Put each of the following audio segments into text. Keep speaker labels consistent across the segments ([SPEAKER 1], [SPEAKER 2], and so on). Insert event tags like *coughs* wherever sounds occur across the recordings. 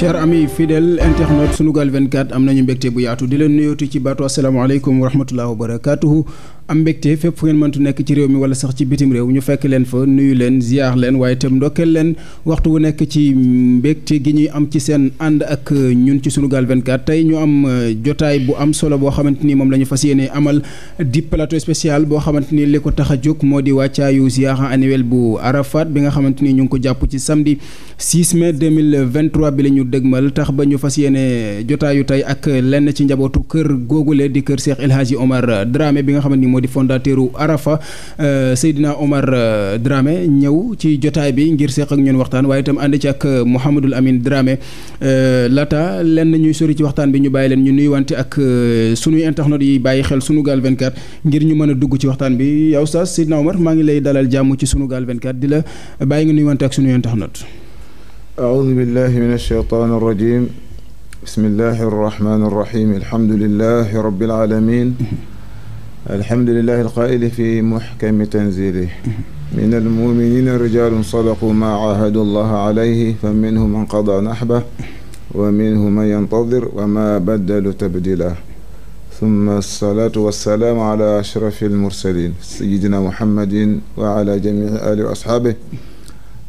[SPEAKER 1] cher ami fidèle internaute Sunugal 24 amna ñu mbégte bu yaatu di leen nuyu ci bato assalamu alaykum wa rahmatullahi wa barakatuh am mbégte fépp fu ngeen mëntu nekk ci réew mi wala sax ci bitim réew ñu fekk leen fa nuyu leen ziar leen waaye itam ndokkeel leen waxtu wu nekk ci mbégte gi ñuy am ci seen ànd ak ñun ci Sunugal 24 tey ñu am euh, jotaay bu am solo boo xamante ni moom la ñu fas yéene amal di plateau spécial boo xamante ni li ko tax a jóg moo di wàccaayu ziar annuel bu Arafat bi nga xamante ni ñu ngi ko jàpp ci samdi 6 mai 2023 bi la ñu dëgmal tax ba ñu fas yéene jotaayu tey ak lenn ci njabootu kër googule di kër Cheikh El moo di fondateur u Arafa euh, Seydina Omar euh, drame ñëw ci jotaay bi ngir seq ak ñun waxtaan waaye itam ànd ci ak euh, Mouhamadul Amin Dramé laata lenn ñuy sori ci waxtaan bi ñu bàyyi leen ñu nuy nuyuwante ak sunuy internautes yi bàyyi xel Sunugal 24 ngir ñu mën a dugg ci waxtaan bi yow Oustaz Seydina Omar maa ngi lay dalal jàmm ci Sunugal 24 di la bàyyi nga nuyuwante
[SPEAKER 2] ak sunuy internautes. أعوذ بالله من الشيطان الرجيم بسم الله الرحمن الرحيم الحمد الحمد لله القائل في محكم تنزيله من المؤمنين رجال صدقوا ما عاهدوا الله عليه فمنهم من قضى نحبه ومنهم من ينتظر وما بدلوا تبديلا ثم الصلاة والسلام على أشرف المرسلين سيدنا محمد وعلى جميع آله وأصحابه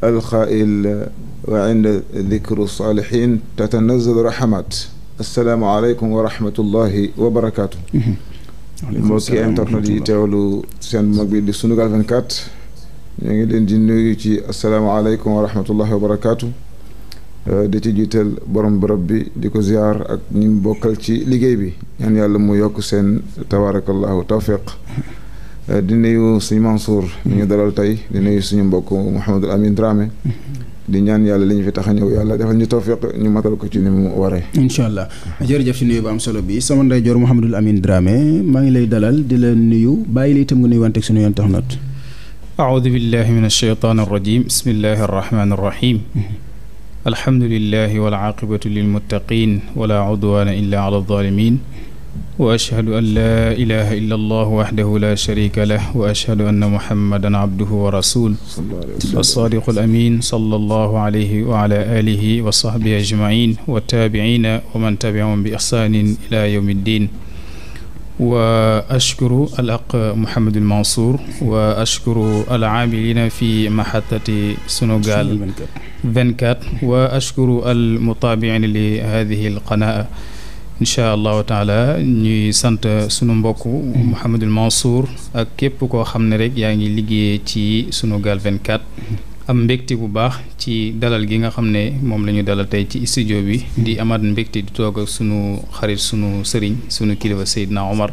[SPEAKER 2] القائل وعند ذكر الصالحين تتنزل رحمات السلام عليكم ورحمة الله وبركاته mbokki internet yi teewlu seen mag bi di Sunugal 24 ñoo ngi leen di nuyu ci asalaamaaleykum wa rahmatullahi wa barakaatu euh, di ci jiital borom bërëb bi di ko ziyaar ak ñi bokkal ci liggéey bi ñaan yàlla mu yokk seen tabaarakallahu tawfiq euh, di nuyu suñu Mansour ñu ngi dalal tey di nuyu suñu mbokk Mouhamadul Amin Dramé di ñaan yàlla li ñu fi tax a ñëw yàlla defal ñu tawfiq ñu matal ko ci ni mu waree. incha
[SPEAKER 1] allah jërëjëf ci nuyu bu am solo bi sama ndeyjoor Mouhamadul Amine Dramé maa ngi lay dalal di la nuyu bàyyi lay itam nga nuyu wante ak suñu yoon tax nat.
[SPEAKER 3] أعوذ بالله من الشيطان الرجيم بسم الله الرحمن الرحيم الحمد لله والعاقبة للمتقين ولا عدوان إلا على الظالمين وأشهد أن لا إله إلا الله وحده لا شريك له وأشهد أن محمدا عبده ورسوله الصادق الأمين صلى الله عليه وعلى آله وصحبه أجمعين والتابعين ومن تبعهم بإحسان إلى يوم الدين وأشكر الأق محمد المنصور وأشكر العاملين في محطة سنغال 24 وأشكر المتابعين لهذه القناة incha allah taala ñuy sant sunu mbokk Mouhamadul Mansour ak képp koo xam ne rek yaa ngi liggéey ci Sunugal 24 am mbégte bu baax ci dalal gi nga xam ne moom la ñu dalal tey ci studio bi di amaat mbégte di toog ak sunu xarit sunu sëriñ sunu kilifa Seydina Omar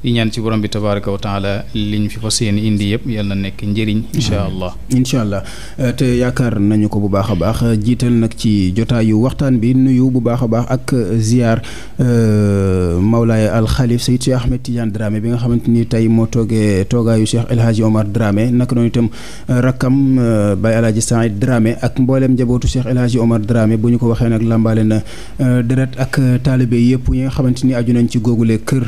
[SPEAKER 3] di ñaan ci borom bi tabaraka wa taala li ñu fi fas yéene indi yëpp yal na nekk njëriñ incha allah
[SPEAKER 1] incha allah euh, te yaakaar nañu ko bu baax a baax jiital nag ci jotaayu waxtaan bi nuyu bu baax a baax ak ziar euh, Mawlaay alxalif Seydi Cheikh Ahmed Tidiane Dramé bi nga xamante ni tey moo toogee toogaayu Cheikh El Hadji Omar Dramé naka noonu itam euh, rakkam Baye El Hadji Saïd Dramé ak mbooleem njabootu Cheikh El Hadji Omar Dramé bu ñu ko waxee nag làmbaale na deret ak taalibe yëpp yi nga xamante ni aju nañ ci googule kër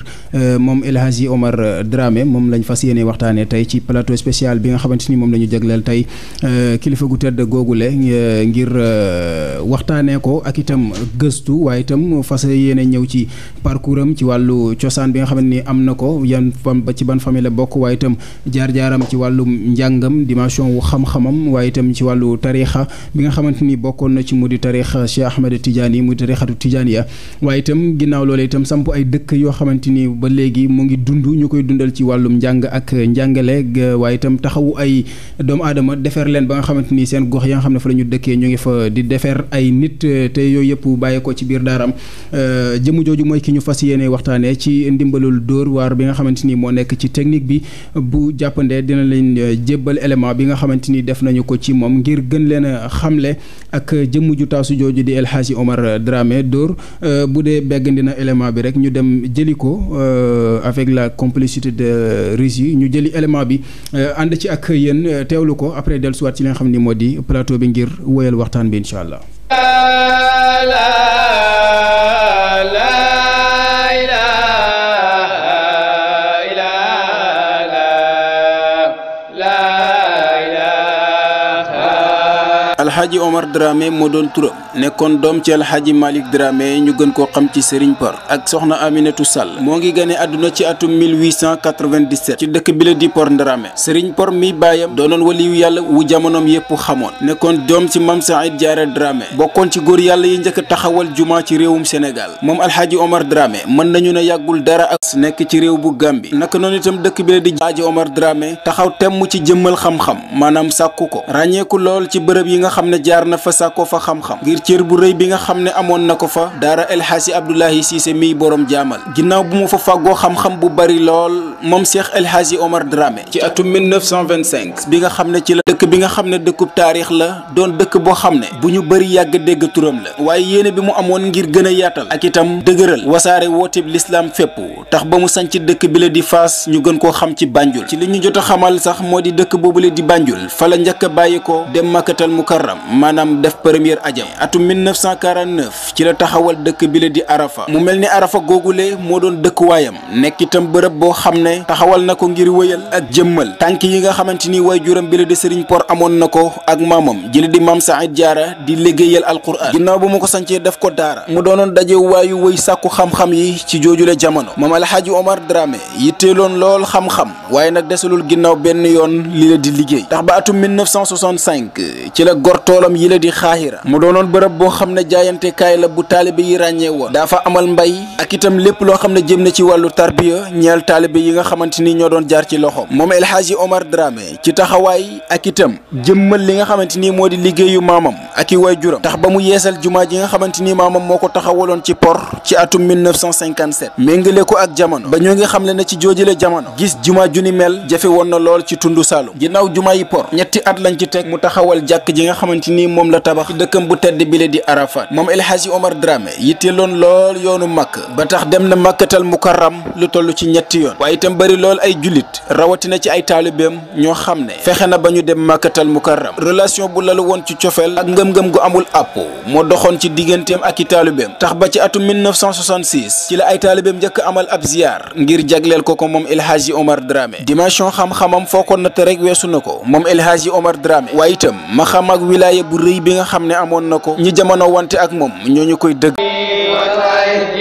[SPEAKER 1] moom Hadji Omar Dramé moom lañ fas yéene waxtaanee tey ci plateau spécial bi nga xamante ni moom la ñu jagleel tey euh, kilifa gu tëdd euh, euh, waxtaanee ko ak itam gëstu waaye itam fas yéene ñëw ci parcours am ci wàllu cosaan bi nga xamante ni am na ko yan fam ba ci ban famille la bokk waaye itam jaar-jaaram ci wàllum njàngam dimension wu xam-xamam waaye itam ci wàllu tariixa bi nga xamante ni bokkoon na ci mu di tariixa Cheikh Ahmed Tidiane yi mu di tariixatu Tidiane ya waaye itam ginnaaw loolee itam samp ay dëkk yoo xamante ni ba léegi ngi dund ñu koy dundal ci wàllum njàng ak njàngale waaye itam taxawu ay doomu aadama defar leen ba nga xamante ni seen gox ya nga xam ne fa la ñu dëkkee ñu ngi fa di defar ay nit te yooyu yëpp bàyyi ko ci biir daaram euh, jëmu jooju mooy ki ñu fas yéene waxtaanee ci ndimbalul dóor waar bi nga xamante ni moo nekk ci technique bi bu jàppandee dina leen jébbal élément bi nga xamante ni def nañu ko ci moom ngir gën leen a xamle ak jëm ju taasu jooju di El Hadji Omar Dramé dóor euh, bu dee begg dina élément bi rek ñu dem jëli ko euh, avec la complicité de Russie ñu jëli élément bi euh, ànd ci ak yéen euh, teewlu ko après dellusiwaat ci li nga xam ni moo di plateau bi ngir wóyal waxtaan bi incha allah. alxaaji Omar Dramé moo doon turam nekkoon doom ci alxaaji Malick Dramé ñu gën koo xam ci Serigne Par ak soxna Aminatu Sall moo ngi gane àdduna ci atum 1897 ci dëkk bi la di Por Dramé Serigne Por mi baayam doonoon waliyu yàlla wu jamonoom yépp xamoon nekkoon doom ci Mam Saïd Diarra Dramé bokkoon ci góor yàlla yi njëkk taxawal juma ci réewum Sénégal moom alxaaji Omar Dramé mën nañu ne yàggul dara ak nekk ci réew bu gam bi naka noonu itam dëkk bi la di alxaaji Omar Dramé taxaw temm ci jëmmal xam-xam ne jaar na fa sàkkoo fa xam-xam ngir cër bu rëy bi nga xam ne amoon na ko fa daara El Hadji Abdoulaye Cissé miy borom jaamal ginnaaw bu mu fa fàggoo xam-xam bu bari lool moom Cheikh El Hadji Omar Dramé ci atum bi nga xam ne ci la dëkk bi nga xam ne dëkkub taarix la doon dëkk boo xam ne bu ñu bëri yàgg dégg turam la waaye yéene bi mu amoon ngir gën a yaatal ak itam dëgëral wasaare wooteeb lislaam fépp tax ba mu sanc dëkk bi la di Faas ñu gën koo xam ci Banjul ci li ñu jot a xamal sax moo di dëkk boobule di Banjul fa a bàyyi ko dem makkatal maanaam def première ajam atum 1949 ci la taxawal dëkk bi la di Arafa mu mel ni Arafa googule moo doon dëkkuwaayam nekk itam bërëb boo xam ne taxawal na ko ngir wëyal ak jëmmal tànk yi nga xamante ni waajuram bi la di Serigne Por amoon na ko ak maamam jële di maam Saïd jaara di liggéeyal alquran ginnaaw bu ma ko sancee def ko daara mu doonoon daje waayu wëy sàkku xam-xam yi ci jooju la jamono maam Alhaji Omar Dramé yitteeloon lool xam-xam waaye nag desalul ginnaaw benn yoon li la di liggéey tax ba atum 1965 ci la gor toolam yi la di xaahira mu doonoon bërëb boo xam ne jaayante kaay la bu taalibe yi ràññee woon daa fa amal mbay ak itam lépp loo xam ne jëm na ci wàllu tarbiya ñeel taalibe yi nga xamante ni ñoo doon jaar ci loxoom moom El Hadji Omar Dramé ci taxawaay ak itam jëmmal li nga xamante ni moo di liggéeyu maamam ak i waajuram tax ba mu yeesal jumaa ji nga xamante ni maamam moo ko taxawaloon ci por ci atum 1957 méngale ko ak jamono ba ñoo ngi xam le ne ci joojile jamono gis jumaa ju ni mel woon na lool ci tundu Saalum ginnaaw jumaa yi por ñetti at lañ ci teg mu taxawal jàkk ji nga xam xamanteni mom la tabax ci bu tedd bi le di Arafat mom El Hadji Omar Dramé yitteeloon lol yoonu màkk ba tax dem na màkkatal mukarram lu tollu ci ñetti yoon waye tam bari lol ay rawati na ci ay talibem ño xamne fexe na dem màkkatal mukarram relation bu lalu won ci ciofel ak ngëm-ngëm gu amul apo mo doxon ci digentem ak talibem tax ba ci atum 1966 ci la ay talibem jëk amal ab ziar ngir jaglel koko mom El Hadji Omar Dramé dimension xam-xamam foo na te rek wessu nako mom El Hadji Omar Dramé waye tam ma xam ak wilaaya bu rëy bi nga xam ne amoon na ko ñi jamono wante ak moom ñooñu koy dëgg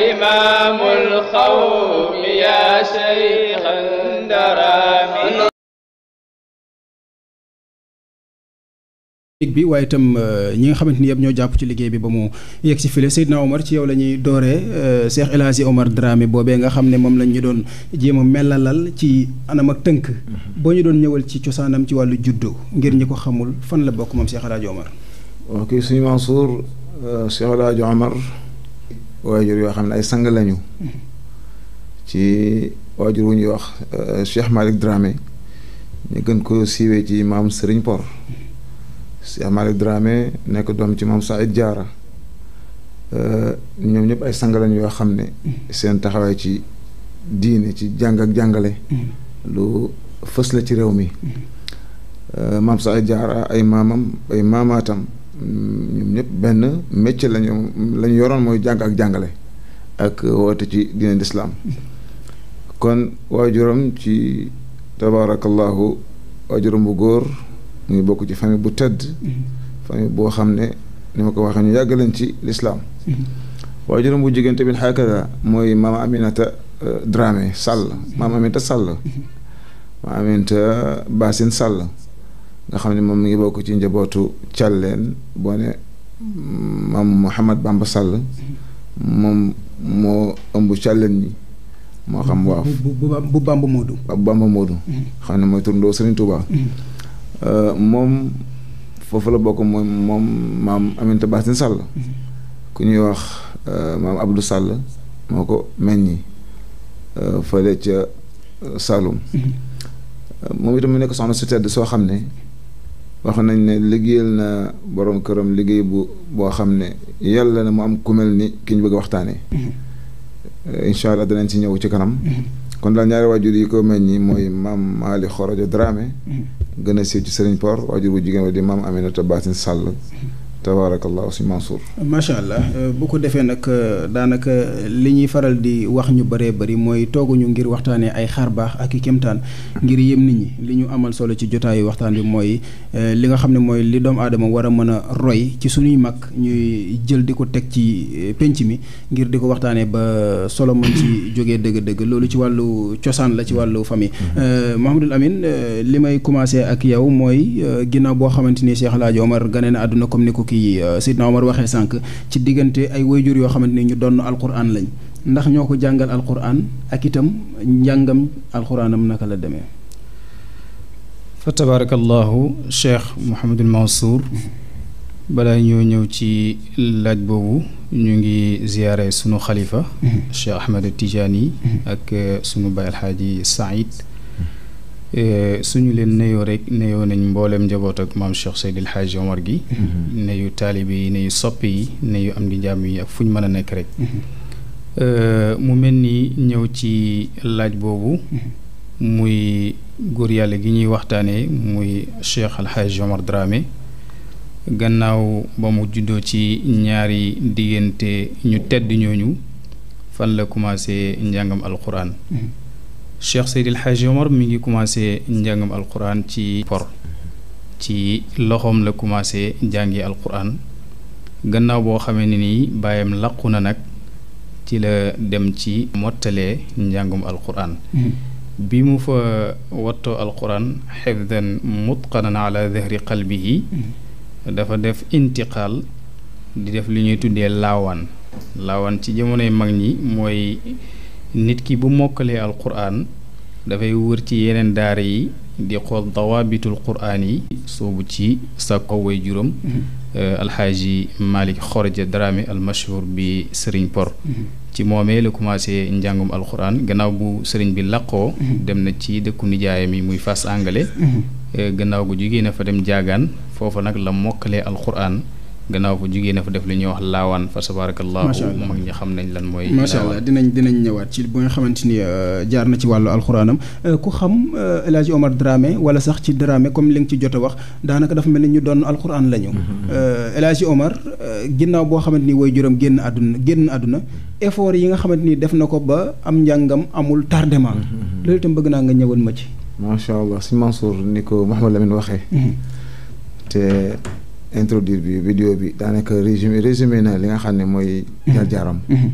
[SPEAKER 3] imaamul xawmi yaa
[SPEAKER 4] cheikh
[SPEAKER 1] bi waaye itam euh, ñi nga xamante ni yëpp ñoo jàpp ci liggéey bi ba mu yegg si file Seydina Omar ci yow la ñuy dooree euh, Cheikh El Hadji Omar Dramé boobee nga xam ne moom lañ ñu doon jéem a melalal ci anam ak tënk. Mm-hmm. boo ñu doon ñëwal ci cosaanam ci wàllu juddu ngir ñi ko xamul fan la bokk moom Cheikh El Hadji
[SPEAKER 2] Omar. suñu Mansour euh, Cheikh El waajur yoo xam ne ay sang lañu. Mm-hmm. ci waajur wu ñuy wax Cheikh Malick Dramé ñu gën ko siiwee ci maam Serigne Por. Mm-hmm. Cheikh Malick Dramé nekk doom ci moom ay jaara ñoom ñëpp ay sang lañ yoo xam ne seen taxawaay ci diine ci jàng ak jàngale lu fës la ci réew mi maam ay jaara ay maamam ay maamaatam ñoom ñëpp benn métier lañu lañu yoroon mooy jàng ak jàngale ak woote ci diine d'islam kon waajuram ci tabaarakallahu waajuram bu góor mu ngi bokk ci famille bu tedd mm-hmm. famille boo xam ne ni ma ko waxee ñu yàgg leen ci lislaam mm-hmm. waajuram bu bi tamit xaakada mooy maama Aminata euh, Dramé Sall maama mm-hmm. Aminata Sall maama nga xam ne moom mi ngi bokk ci njabootu càlleen boo ne maam Mouhamad Bamba Sall moom moo ëmb càlleen moo xam waaw
[SPEAKER 1] bu Bamba
[SPEAKER 2] Moodu xam ne mooy turndoo Serigne Touba Euh, moom foofu la bokk mooy moom maam Aminta Bassine Sall. Mm-hmm. ku ñuy wax euh, maam Abdou Sall moo ko ni euh, fa ca Saloum. Mm-hmm. moom itam mu nekk soxna su tedd soo xam ne wax nañ ne liggéeyal na borom këram liggéey bu boo xam ne yàlla na mu am ku ni ki ñu bëgg a waxtaanee.
[SPEAKER 4] Mm-hmm.
[SPEAKER 2] incha allah danañ ci ñëw ci kanam. kon daal ñaari waajur yi ko mel nii mooy maam Maali Xorojo Dramé. Mm-hmm. gën a siiw ci Serigne Port waajur bu jigéen wa di maam Aminata Basin Sall. tabaarakallahu si Mansour.
[SPEAKER 1] macha allah euh, bu ko defee nag euh, daanaka li ñuy faral di wax ñu bëree bari mooy tooguñu ngir waxtaanee ay xar baax ak i kemtaan ngir yëm nit ñi li ñu amal solo ci jotaayu waxtaan bi mooy euh, li nga xam ne mooy li doomu aadama war a mën a roy ci suñuy mag ñuy jël di ko teg ci penc mi ngir di ko waxtaanee ba solo mën ci *coughs* jógee dëgg-dëgg loolu ci wàllu cosaan la ci wàllu famille. Mm-hmm. Mahamadul Amin li may commencé ak yow mooy ginnaaw boo xamante ni Cheikh El Hadj Omar gane na àdduna kii euh, Sidna Omar waxee sànq ci diggante ay wayjur yoo xamante ni ñu donn alquran lañ ndax ñoo ko jàngal alquran ak itam njàngam alquranam naka la demee.
[SPEAKER 3] fa tabaarakallaahu Cheikh Mouhamadul Mansour balaa ñoo ñëw ci laaj boobu ñu ngi ziyaare sunu xalifa. Mhm. Cheikh Ahmed Tidiane mhm. ak euh, sunu baay alxaaji Saïd. Eh, suñu leen neyoo rek neyoo nañ mbooleem njaboot ak maam Cheikh Seydil Hadji Omar gi mm-hmm. neyu taalibe yi neyu sopp yi neyu am di jàmm yi ak fu ñu mën a nekk rek mm-hmm. eh, mu mel ni ñëw ci laaj boobu mm-hmm. muy góor yàlla gi ñuy waxtaanee muy Cheikh Alhaji Omar Dramé gannaaw ba mu juddoo ci ñaari diggante ñu tedd ñooñu fan la commencé njàngam alxuraan Cheikh Seydil Hadji Omar mi ngi commencé njàngam alquran ci por ci loxoom la commencé njàngi alquran gannaaw boo xamee ne nii bàyyam làqu na nag ci la dem ci mottalee njàngum alquran hmm. bi mu fa wattoo alquran xifdan mutqanan ala dahri qalbihi hmm. dafa def intiqaal di def li ñuy tuddee laawaan laawaan ci jamonoy mag ñi mooy nit ki bu mokkalee alquran fay wër ci yenen daara yi di xol dawabitul quran yi soobu ci sa ko way juróom alxaaji Malick Khoroja Dramé almashhur bi serigne por ci momé le commencé njàngum alquran gannaaw bu serigne bi laqo dem na ci dëkku nijaay mi muy fas anglais gannaaw gu jigeena fa dem jaagaan fofu nak la mokkalee alquran gannaaw bu jugee na fa def li ñuy wax laawaan fa sabarakallahu mag ñi xam nañ lan mooy macha allah
[SPEAKER 1] dinañ dinañ ñëwaat ci bu nga xamante ni euh, jaar na ci wàllu alxuraanam euh, ku xam euh, El Hadj Omar Dramé wala sax ci Dramé comme li nga ci jot a wax daanaka dafa mel ni ñu doon alxuraan la ñu mm-hmm, mm-hmm. El Hadj Omar ginnaaw boo xamante ni woy juróom génn àdduna génn àdduna effort yi nga xamante ni def na ko ba am njàngam amul tardement mm-hmm, loolu itam bëgg naa nga ñëwal ma ci
[SPEAKER 2] macha allah si Mansour ni ko Mouhamed Lamine waxee te introduire bi vidéo bi daanaka résumé résumé na li nga xam ne mooy mhm. jaar-jaaram mhm.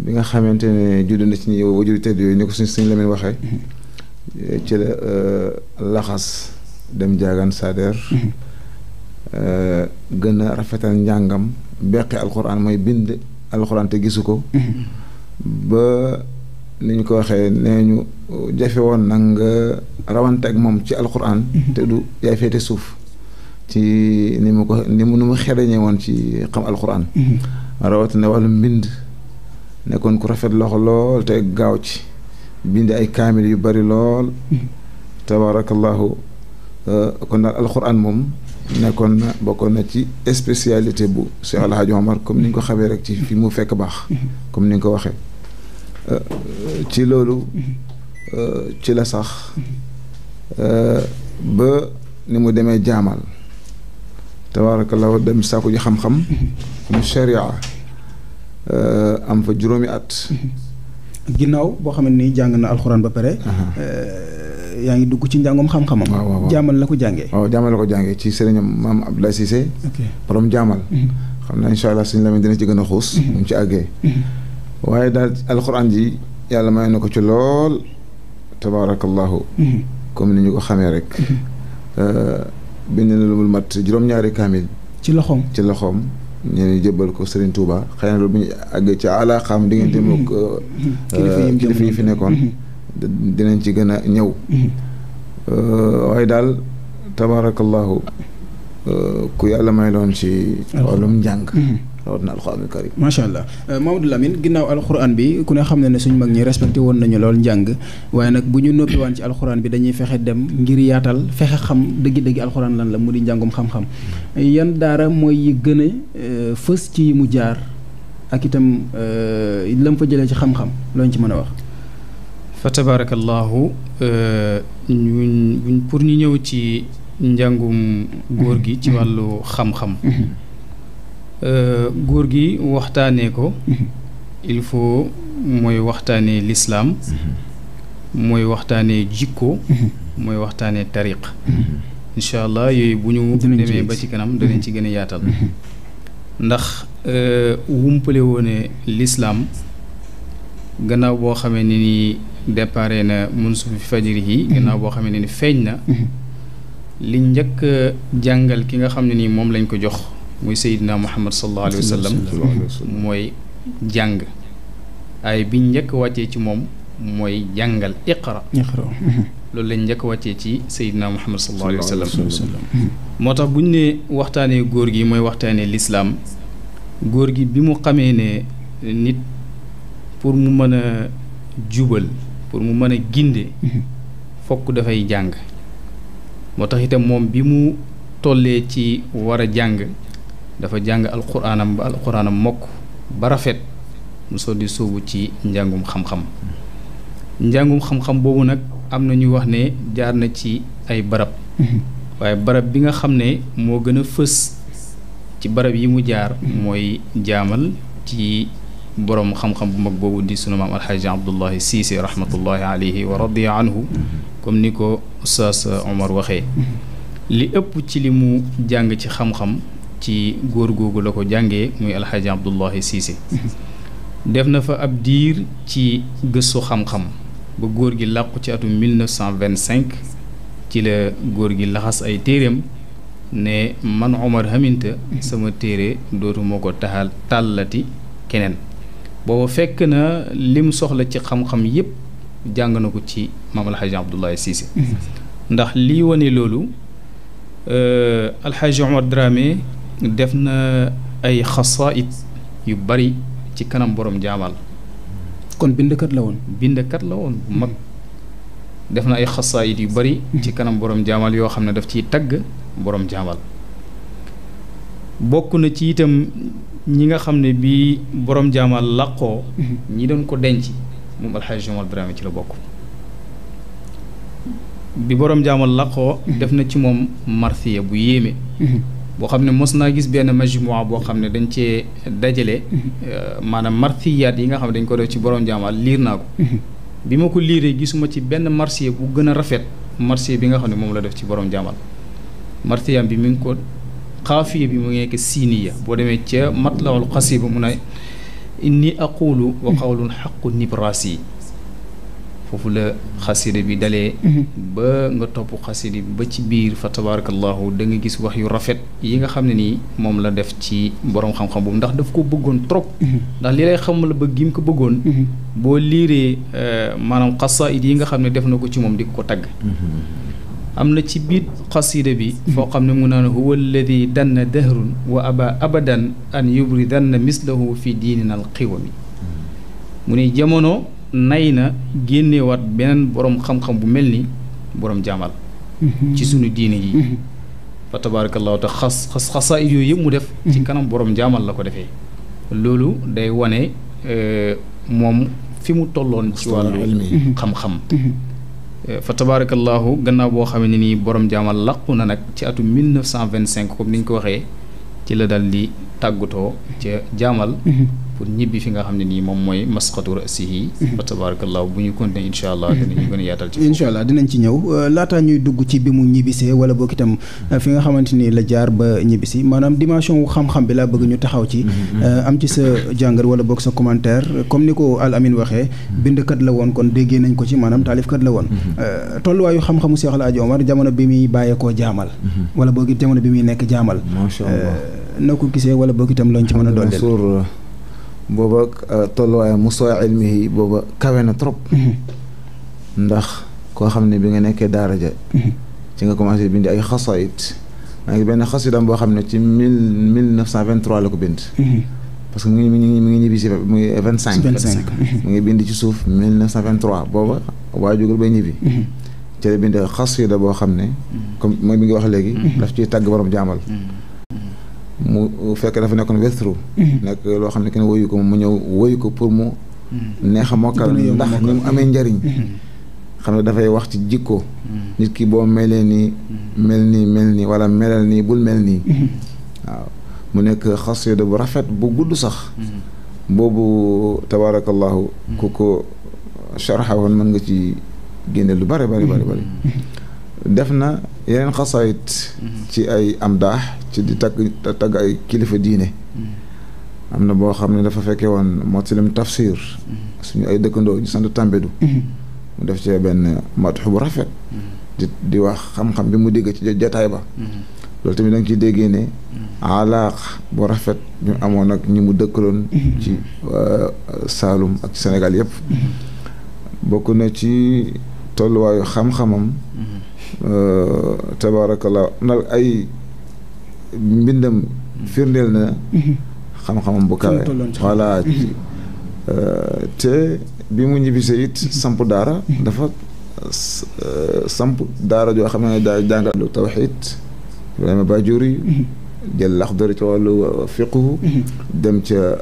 [SPEAKER 2] bi nga xamante ne judd na ci ñi wajur tëdd yooyu ni ko suñ suñ Lamine waxee mhm. ci la euh, laxas dem jaagaan sader euh, gën a rafetal njàngam beqi alxuraan mooy bind alxuraan te gisu ko ba ni ñu ko waxee nee ñu jafe woon nag nga rawante ak moom ci alxuraan te du yaay féete suuf ci ni mu ko ni mu nu mu xereñe woon ci xam alxuraan rawatina wàllu mbind nekkoon ku rafet loxo lool te gaaw ci bind ay kaamil yu bari lool tabarakallahu kon daal alxuraan moom nekkoon na bokkoon na ci spécialité bu Cheikh El Hadj Omar comme ni nga ko xamee rek ci fi mu fekk baax comme ni nga ko waxee ci loolu ci la sax ba ni mu demee jaamal tabaarakallaahu dem sàkku ji xam-xam mu sharia euh, am fa juróomi at ginnaaw boo xam ni jàng na alxuraan ba pare euh, yaa ngi dugg ci njàngum xam-xamam jaamal la ko jàngee waaw ko jàngee ci sëriñam maam Abdoulaye Cissé borom jaamal mhm. xam na insha allah suñu lamee dina ci gën a xuus mhm. mu ci àggee mhm. waaye daal alxuraan ji yàlla may na ko ci lool tabaarakallaahu comme ni ñu ko xamee rek euh, bind na lu mat juróom-ñaari kaamil. ci loxoom ci loxoom. ñu jëbbal ko Serigne Touba xëy na loolu bu ñu àgg ci àllaaxaam di ngeen dem
[SPEAKER 4] ak
[SPEAKER 2] fi nekkoon. Mm-hmm. dinañ ci gën a ñëw. Mm-hmm. Euh, waaye daal tabaarakallaahu euh, ku yàlla may doon ci wàllum njàng. Mm-hmm. rawatina macha allah
[SPEAKER 1] euh, Mamadou Lamine ginnaaw alxuraan bi ku ne xam ne ne suñ mag ñi respecté woon nañu loolu njàng waaye nag bu ñu noppi waan ci alxuraan bi dañuy fexe dem ngir yaatal fexe xam dëgg-dëgg alxuraan lan la mu di njàngum xam-xam yan daara mooy yi gën a euh, fës ci yi mu jaar ak itam euh, lam fa jëlee ci xam-xam looñ ci mën a wax
[SPEAKER 3] fa tabarakallahu ñuñ pour ñu ñëw ci njàngum góor gi ci wàllu xam-xam mm-hmm. gurgi waxtane ko il faut moy waxtane l'islam moy waxtane jikko moy waxtane tariq inshallah yoy buñu démé ba ci kanam dañ ci gëna yaatal ndax euh wumpele woné l'islam gëna bo xamé ni déparé na munsu fi fajiri yi gëna bo xamé ni feñ na li ñëk jàngal ki nga xamné ni mom lañ ko jox muy Seydina Muhammad sallallahu alayhi wa sallam mooy jàng ay bi njëkk wàccee ci moom mooy jàngal iqra loolu lañ njëkk wàccee ci Seydina Muhammad sallallahu alayhi wa sallam moo tax bu ñu nee waxtaanee góor gi mooy waxtaanee lislaam góor gi bi mu xamee ne nit pour mu mën a jubal pour mu mën a ginde fokk dafay jàng moo tax itam moom bi mu tollee ci war a jàng dafa jàng alxuraanam ba alxuraanam mokk ba rafet mu soog di ci njàngum xam-xam njàngum xam-xam boobu nag am na ñu wax ne jaar na ci ay barab *laughs* waaye barab bi nga xam ne moo gën a fës ci barab yi mu jaar *laughs* mooy jaamal ci boroom xam-xam bu mag boobu di sunu maam alxaaji abdullahi siise rahmatullahi alayhi wa radiya anhu *laughs* comme ni ko oustaz omar waxee li ëpp ci li mu jàng ci xam-xam ci góor googu la ko jàngee muy alxaaji abdullahi siise def na fa ab diir ci gëstu xam-xam ba góor gi làqu ci atum 1925 ci la góor gi laxas ay téereem ne man omar haminta sama téere dootu moo ko taxal tàllati keneen booba fekk na lim soxla ci xam-xam yépp jàng na ko ci maam alxaaji abdullahi siise mm-hmm. ndax lii wane loolu euh, alxaaji omar Dramé def na ay xasaayit yu bari ci kanam boroom jaamal kon bindkat la woon bindkat la woon mag def na ay xasaayit yu bari ci kanam boroom jaamal yoo xam ne daf ciy tagg boroom jaamal bokk na ci itam ñi nga xam ne bi boroom jaamal làqoo ñi doon ko denc moom alxaaji Omar Dramé ci la bokk bi boroom jaamal làqoo def na ci moom marsiya bu yéeme boo xam ne mos naa gis benn majmua boo xam ne dañ cee dajale mm-hmm. euh, maanaam marsiyaat yi nga xam ne dañ ko def ci borom jaamal liir naa ko mm-hmm. bi ma ko liiree gisuma ci benn marsiya bu gën a rafet marsiya bi nga xam ne moom la def ci borom jaamal marsiyaam bi mi ngi ko xaafiya bi mu ngi nekk siiniya boo demee ca mat matlawul ba mun a indi aqulu wa qawlun xaqu nibraasi foofu la xasida bi dalee mhm. ba nga topp xasida bi ba ci biir fa tabarakallahu da nga gis wax yu rafet yi nga xam ne nii moom la def ci borom xam-xam boobu ndax daf ko bëggoon trop mhm. ndax li lay xamal ba gim ko bëggoon mhm. boo liiree euh, maanaam xasaid yi nga xam ne def na ko ci moom di ko tagg am na ci biir xasida bi foo xam ne mu naan huwa alladi danna dahrun wa aba abadan an yubri danna mislahu fi diinina al xiwami mu ne jamono nay na génneewaat beneen boroom xam-xam bu mel ni boroom jaamal mhm. ci suñu diine yi mhm. fa tabaarakallaahu te xas xas xasaa yooyu yëpp mu def ci mhm. kanam boroom jaamal la ko defee loolu day wane euh, moom fi mu tolloon ci wàllu xam-xam euh, fa tabaarakallaahu gannaaw boo xam ni nii borom jaamal làqu na nag ci atum 1925 comme ni ñu ko waxee ci la dal di tàggatoo ca jaamal pour ñibbi fi nga xam ne nii moom mooy masqatu rasihi mhm. fa tabarakallahu bu ñu continuer incha allah dinañu mhm. gën yaatal ci
[SPEAKER 1] incha allah dinañ ci ñëw euh, laataa ñuy dugg ci bi mu ñibbisee wala boog itam euh, fi nga xamante ni la jaar ba ñibbisi maanaam dimension wu xam-xam bi laa bëgg ñu taxaw ci mhm, euh, am ci sa jàngar wala boog sa commentaire comme ni ko al amin waxee bindkat la woon kon déggee nañ ko ci maanaam taalifkat la woon tolluwaayu xam-xamu Cheikh El Hadj Omar jamono bi muy bàyyeekoo jaamal wala boo it jamono bi muy nekk jaamal
[SPEAKER 2] na ko gisee wala boog itam lañ ci mën a doon booba euh, tolluwaayam mustawa ilmihi booba kawe na trop mhm. ndax koo xam ne bi nga nekkee daara ja mhm. ci nga commencé bind ay xasaayit maa ngi benn xasidam boo xam ne ci mille mille neuf cent vingt la ko bind mhm. parce que mu ngi mu ngi mu ngi ñibbi si mu ngi vingt cinq mu ngi bind ci suuf mille neuf cent vingt trois booba waajugul bay ñibbi ci la bind xasida boo xam ne comme mooy bi ngi wax léegi daf ciy tàgg borom jaamal mu fekk dafa nekkoon westro mm-hmm. nekk loo xam ne kenn woyu ko mu ñëw woyu ko pour mu mm-hmm. neex a mokkal ndax ni mu amee njariñ mm-hmm. xam ne dafay wax ci jikko nit ki boo melee nii mel nii mel nii wala melal nii bul mel nii waaw mu nekk xasida bu rafet bu gudd sax boobu tabaarakallaahu ku ko sharxa woon mën nga ci génne lu bari bari bari bari def na yeneen xasaayit ci ay am daax ci di tagg tagg ay kilifa diine am na boo xam ne dafa fekkee woon motalim tafsir suñu ay dëkkandoo ñu sant tàmbedu
[SPEAKER 4] mu
[SPEAKER 2] def ci benn matxu bu rafet di di wax xam-xam bi mu dégg ci jataay ba loolu tamit da nga ciy déggee ne alaaq bu rafet ñu amoon ak ñi mu dëkkaloon ci Saalum ak Sénégal yëpp bokk na ci tolluwaayu xam-xamam Euh, tabaarakallah ay mbindam mm-hmm. firndeel na
[SPEAKER 4] mm-hmm.
[SPEAKER 2] xam bu kawe voilà euh, te bi mu ñibbisee it mm-hmm. samp daara dafa euh, samp daara joo xam ne daa jàngal tawxiid Ibrahima Bajuri jël laxdari ci dem ca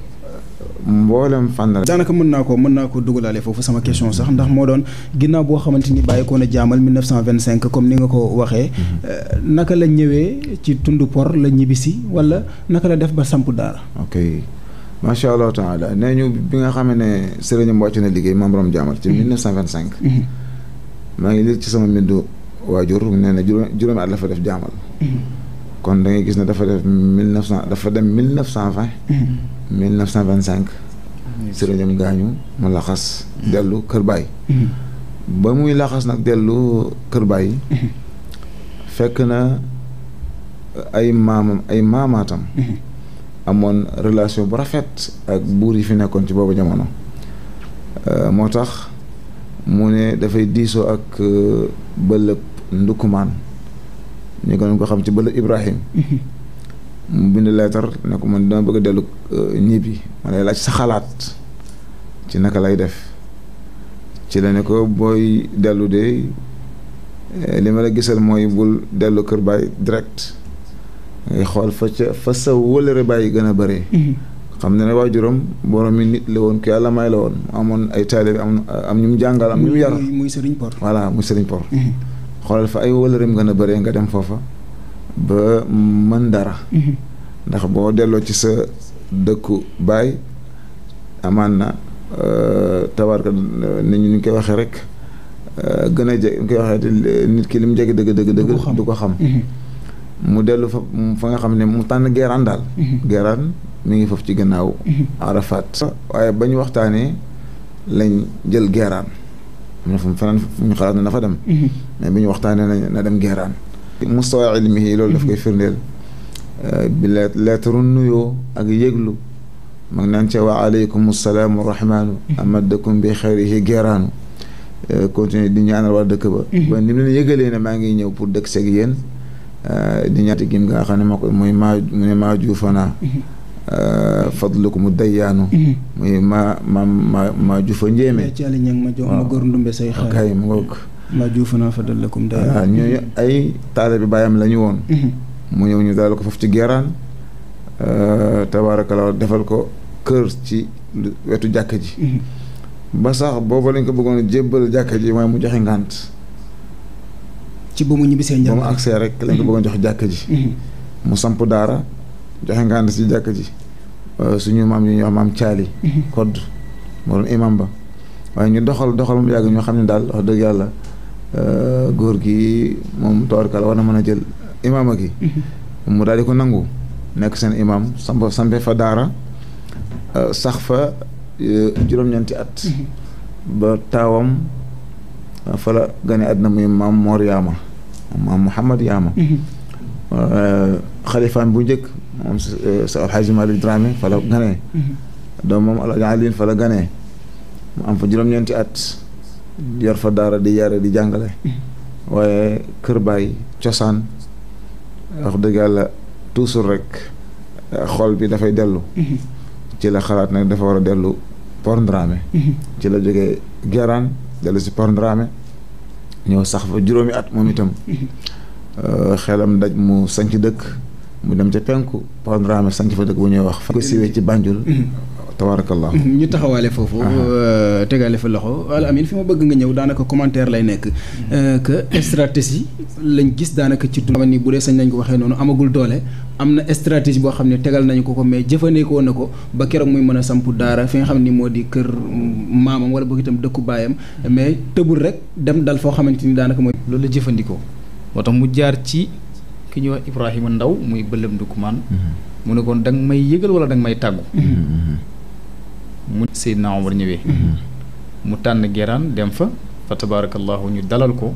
[SPEAKER 2] mboolem fànn la. daanaka
[SPEAKER 1] mën naa ko mën naa ko dugalaale foofu sama question sax ndax moo doon ginnaaw boo xamante ni bàyyi ko na jaamal 1925 comme ni nga ko waxee mhm. eh, naka la ñëwee ci tund por la ñibbisi
[SPEAKER 2] wala naka la def ba samp daara. ok macha allah taala nee ñu bi nga xam ne sëriñ Mbocc na liggéey maam Borom jaamal ci 1925. Mhm. Mhm. maa ngi liir ci sama mbindu waajur nee na juróomi at la fa def jaamal. kon da gis ne dafa def 1900 dafa dem 1920. 1925. vingt cinq dem gaañu ma laxas. Mm. dellu Kër Baay. Mm-hmm. ba muy laxas nag dellu Kër Baay. Mm-hmm. fekk na ay maamam ay maamaatam. Mm-hmm. amoon relation bu rafet ak buur yi fi nekkoon ci boobu jamono. Euh, moo tax mu ne dafay diisoo ak euh, bëlëb ndukumaan ñu gën ko xam ci bëlëb Ibrahim. mu bind leetar ne ko man dama bëgg a dellu euh, ñibbi ma la laaj sa xalaat ci naka lay def ci la ne ko booy dellu de euh, li ma la gisal mooy bul dellu kër baay direct ngay xool fa ca fa sa wëlëre bàyyi gën a bëree mm-hmm. xam ne ne waajuram borom mi nit la woon ku yàlla may la woon amoon ay taalibe am am ñu mu jàngal am ñu mu yar voilà muy Sëriñ Por mm-hmm. xoolal fa ay wëlëreem gën a bëree nga dem foofa ba mën dara mhm. ndax boo delloo ci sa dëkku baay amaan na euh, tabarka nit ñi ñu koy waxee rek euh, gën a jege ñu koy waxee nit ki li mu jege dëgg dëgg dëgg du ko xam mhm. mu dellu fa fa nga xam ne mu tànn geraan daal mhm. geraan mi ngi foofu ci gannaaw Arafat waaye ba ñu waxtaanee lañ jël geraan am na fa mu fanaan ñu xalaat na na fa dem mais bi ñu waxtaanee na dem geraan mustawa ilmihi loolu daf koy firndeel euh, bi leetaru nuyoo ak yëglu mag naan ca wa aleykum salaam wa rahmaanu amaddakum bi xayrihi geraanu euh, continuer di ñaanal waa dëkk ba mhm. ba ni mu leen yëgalee ne maa ngi ñëw pour dëkk seeg yéen euh, di ñaati gim nga xam ne ma ko mooy mu ne maa mhm. mhm. ma ma ma maa juufa njéeme
[SPEAKER 1] kay mu maa juufanaa fa dallakum
[SPEAKER 2] day waaw ah, ay taalibe baayam la lañu woon mhm. mu ñëw ñu dalal ko foofu ci geraan euh, tabaarakallaa defal ko kër ci wetu jàkka ji mhm. ba sax booba lañ ko bëggoon jébbal jàkka ji waaye mu joxe ci ba mu ñibbisee njàng ba rek lañ ko mhm. bëggoon mu samp daara joxe ngànt ci jàkka ji euh, suñu maam yi ñu wax maam Thiali kodd moo doon imam ba waaye ñu doxal doxal mu yàgg ñoo xam ne daal wax dëgg yàlla Euh, góor gi moom tawarkal war na mën a jël imaama gi
[SPEAKER 4] mhm.
[SPEAKER 2] mu daal di ko nangu nekk seen imaam samp sampe fa daara euh, sax fa euh, juróom-ñeenti at mhm. ba taawam fa la gane àddina muy maam Moor Yaama maam Muhammad mhm. xalifaam bu njëkk moom sa alxaaji Malik fa la ganee doom moom alxaaji Alin fa la ganee mu am fa juróom-ñeenti at yor fa daara di yare di jàngale mm. waaye kër baay cosaan wax dëgg yàlla toujours rek eh, xol bi dafay dellu mm-hmm. ci la xalaat nag dafa war a dellu Porndramé mm-hmm. ci la jógee Guérane dellu si Porndramé ñoo sax fa juróomi at moom itam mm-hmm. eh, xelam daj mu sanc dëkk mu dem ca penku Porndramé sanc fa dëkk bu ñuy wax fa ko siwee ci Banjul tabarakallah
[SPEAKER 1] mhm, ñu taxawaale foofu euh, tegaale fa loxo al amin fi ma bëgg nga ñëw daanaka commentaire lay nekk mhm. euh, que stratégie lañ gis daanaka ci dund ni bu dee sañ nañ ko waxee noonu amagul doole am na stratégie boo xam ne tegal nañu ko ko mais jëfandikoo na ko ba keroog muy mën a samp daara fi nga xam ni moo di kër maamam wala boog itam dëkku baayam mais tëbul rek dem dal foo xamante ni daanaka mooy loolu la jëfandikoo moo tax mu jaar ci ki ñuy wax Ibrahima Ndaw muy bëlëm ndukumaan
[SPEAKER 4] mhm.
[SPEAKER 3] mu ne kon da may yëgal wala da may tàggu mu Seydina Omar ñëwee mm-hmm. mu tànn geraan dem fa fa tabarakallahu ñu dalal ko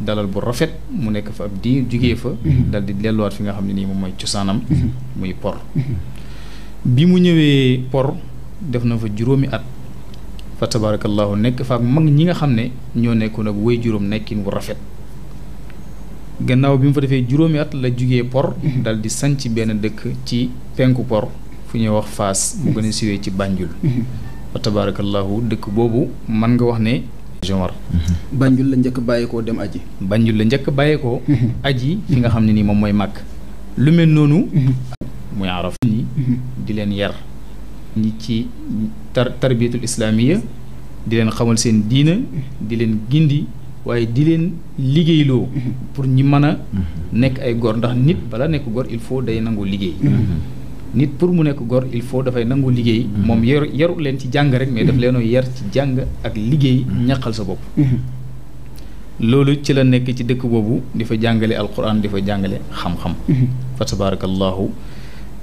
[SPEAKER 3] dalal bu rafet mu nekk fa ab diir jugee fa mm-hmm. dal di delluwaat fi nga xam ne nii moom mooy cosaanam mm-hmm. muy por bi mu ñëwee por def na fa juróomi at fa tabarakallahu nekk fa ak mag ñi nga xam ne ñoo nekkoon ak way juróom nekkin bu rafet gannaaw bi mu fa defee juróomi at la jugee por dal di sanc benn dëkk ci penku por fu ñu wax faas mu gën a siwee ci Banjul wa tabarakallahu dëkk boobu mën nga wax ne jomar
[SPEAKER 1] Banjul la njëkk bàyyeekoo
[SPEAKER 3] dem aji Banjul la njëkk bàyyeekoo aji fi nga xam ne nii moom mooy màkk lu mel noonu muy araf ñi di leen yar ñi ci tar tarbiyatul islaamiya di leen xamal seen diina di leen gindi waaye di leen liggéeyloo pour ñi mën a nekk ay góor ndax nit bala nekk gor il faut day nangoo liggéey nit pour mu nekk gor il faut dafay nangu liggéey mm-hmm. moom yaru yaru leen ci jàng rek mais daf mm-hmm. leenoo yar ci jàng ak liggéey mm-hmm. ñaqal sa bopp loolu ci la nekk ci dëkk boobu di fa jàngale alquran di fa jàngale xam-xam fa tabarakallahu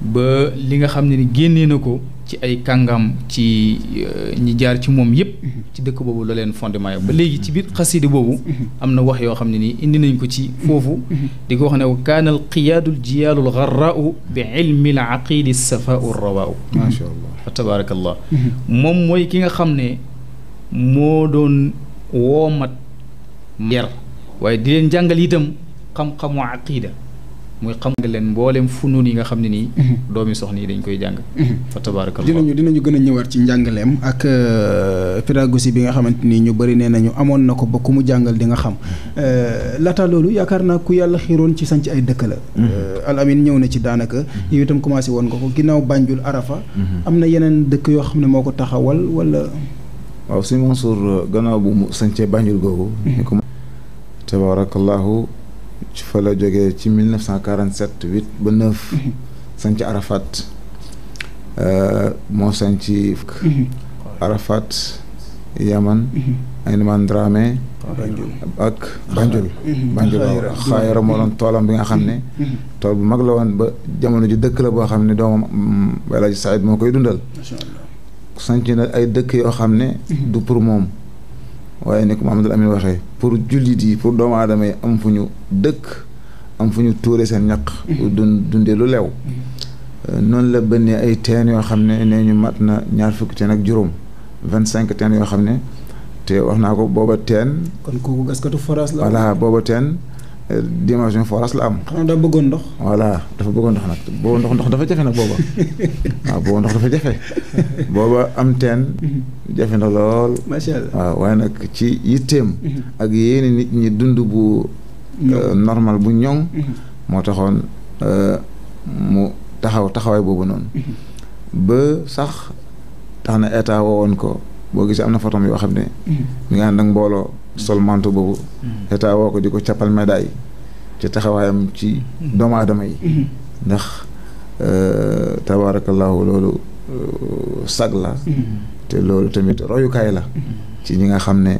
[SPEAKER 3] ba li nga xam ne ni génne na ko ci ay kàngam ci ñi jaar ci moom yépp ci dëkk boobu la leen fondement yo ba léegi ci biir xasida boobu am na wax yoo xam ne nii indi nañ ko ci foofu di ko wax ne wa kaana al qiyaadu al jiyaalu l garraau bi ilmi al aqili safaau rawaau maa sha allah fa tabaarakallah moom mooy ki nga xam ne moo doon woomat yer waaye di leen jàngal itam xam-xamu aqida muy xam nga leen mboolem funun yi nga xam ne nii. Mhm. doomi soxna yi dañ koy jàng. Mhm. fa tabaarakallah dinañu
[SPEAKER 1] dinañu gën a ñëwaat ci njàngaleem ak si euh, bi nga xamante ni ñu bëri nee nañu amoon na ko ba ku mu jàngal di nga xam euh, laata loolu yaakaar naa ku yàlla xiiroon ci sanc ay dëkk la. Mhm. Euh, al ñëw na ci daanaka. yow itam commencé woon nga ko ginnaaw Banjul Arafa. am na yeneen dëkk yoo xam ne moo ko taxawal wala.
[SPEAKER 2] waaw Sëñ Mansour gannaaw bu mu sancee Banjul googu. tabaarakallahu fa la jógee ci 1947 8 ba 9. *laughs* sanc Arafat euh, moo sanc *laughs* Arafat Yaman *laughs* Ayman Dramé ak Banjul Banjul xaayara moo doon toolam bi nga xam ne tool bu mag la woon ba jamono ji dëkk la boo xam ne doomam mm, El Hadj Saïd moo koy dundal sanc na ay dëkk yoo xam ne du pour moom waaye ni ko Mamadou Amine waxee pour jullit yi pour doomu aadama yi am fu ñu dëkk am fu ñu tuure seen ñaq dun dundee lu lew euh, noonu la bënnee ay teen yoo xam ne nee ñu mat na ñaar fukki teen ak juróom vingt cinq teen yoo xam ne te wax naa ko booba teen kon booba teen dimension forage la am. xanaa daa bëggoon ndox. voilà dafa bëggoon ndox nag booba ndox ndox dafa jafe nag booba *laughs* waaw booba ndox dafa jafe booba am teen. jafe na lool. macha waaw waaye nag ci yitteem. ak yéene nit ñi dund bu. Euh, normal bu ñoŋ. Mm-hmm. moo taxoon euh, mu taxaw taxawaay boobu noonu.
[SPEAKER 4] Mm-hmm.
[SPEAKER 2] ba sax tax na état woowoon ko boo gisee am na photo yoo xam ne. Mm-hmm. mi ngi mbooloo. sol manteau boobu mm-hmm. état woo ko di ko cappal médaille ci taxawaayam ci mm-hmm. doomu aadama yi mm-hmm. ndax euh, tabaarakallaahu loolu euh, sag la te loolu tamit royukaay la ci ñi nga xam ne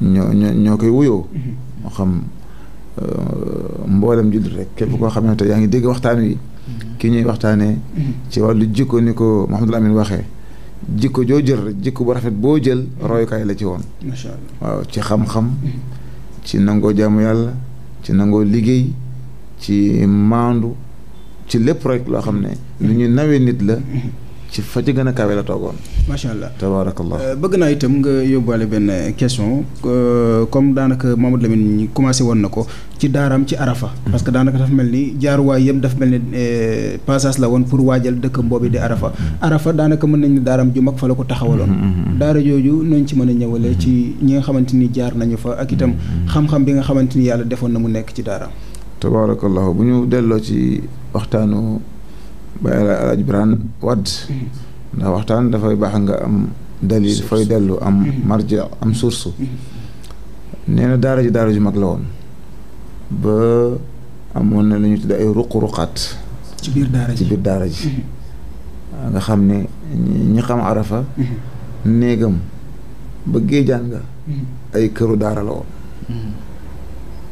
[SPEAKER 2] ñoo ñoo koy wuyoo moo xam euh, mboolem jullit rek képp koo xam ne te yaa ngi dégg waxtaan wi ki ñuy waxtaanee ci wàllu jikko ni ko Mouhamadul Amin waxee jikko joo jël jikko bu rafet boo jël mm-hmm. royukaay la ci woon. macha allah waaw ci xam-xam. Mm-hmm. ci nangoo jaamu yàlla ci nangoo liggéey ci maandu ci lépp rek loo xam ne. lu ñu nawee nit la. Mm-hmm. ci fa ci gën a kawe la toogoon. macha allah tabaarakallah euh,
[SPEAKER 1] bëgg naa itam nga yóbbaale benn question euh, comme daanaka Mamadou Lamine commencé woon na ko ci daaraam ci Arafa. parce que daanaka dafa mel ni jaar jaaruwaay yëpp dafa mel ni euh, passage la woon pour waajal dëkk mboobi di Arafa. Mm-hmm. Arafa daanaka mën nañu daaraam ju mag fa la ko taxawaloon. Mm-hmm, mm-hmm, daara jooju nooñ ci mën a ñëwalee ci ñi nga xamante ni jaar nañu fa ak itam xam-xam bi nga xamante ni yàlla defoon na mu nekk ci daaraam.
[SPEAKER 2] tabaarakallah bu ñu delloo ci waxtaanu Baye Alaaji Birane Wade. ndax waxtaan dafay baax nga am dalil fooy dellu am mhm. marja am source mhm. nee na daara ji daara ju mag la woon ba amoon na lu ñu tudd ay ruq-ruqaat ci biir daara ji ci biir daara ji mhm. nga xam ni ñi xam arafa néegam ba géejaan nga ay këru daara la woon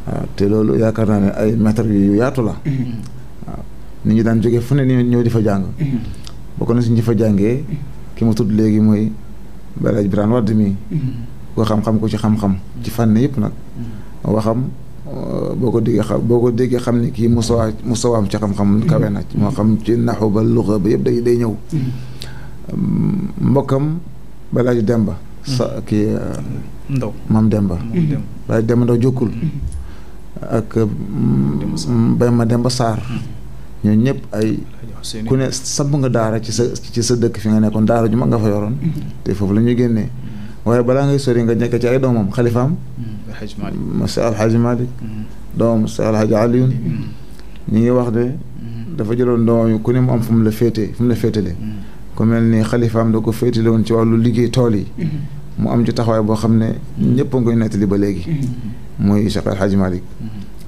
[SPEAKER 2] waaw te loolu yaakaar naa ne ay maître yu yaatu la waaw nit ñi daan jóge fu ne ñëw di fa jàng bokk na si ñi fa jàngee ki ma tudd léegi mooy Balaaj Biraan Wadd mi mm-hmm. ko xam-xam ko ci xam-xam ci fànn yëpp nag waxam mm-hmm. euh, boo ko déggee xam boo ko déggee xam ni kii musawa musawaam ci xam-xam kawe na moo xam ci naxu ba luxa ba yëpp day day ñëw mm-hmm. mbokkam Balaaj Demba sa kii euh, Ndaw Maam Demba Balaaj Demba Ndaw jokkul ak Bay mm, ma Demba Saar ñooñu ñëpp ay ku ne samp nga daara ci sa ci sa dëkk fi nga nekkoon daara ju mag nga fa yoroon mm-hmm. te foofu la ñuy génnee waaye balaa ngay sori nga nekk ci ay doomam xalifaam si mm-hmm. alxaaji Malik doomam mm-hmm. si alxaaji Aliyun ngi wax de dafa jëloon doomam yi ku ne mu am fu la féete fu mu la féetale ku mel ni xalifaam da ko féetale woon ci wàllu liggéey tool yi mu am ci taxawaay boo xam ne ñëpp a ngi koy nettali ba léegi mooy Cheikh alxaaji Malik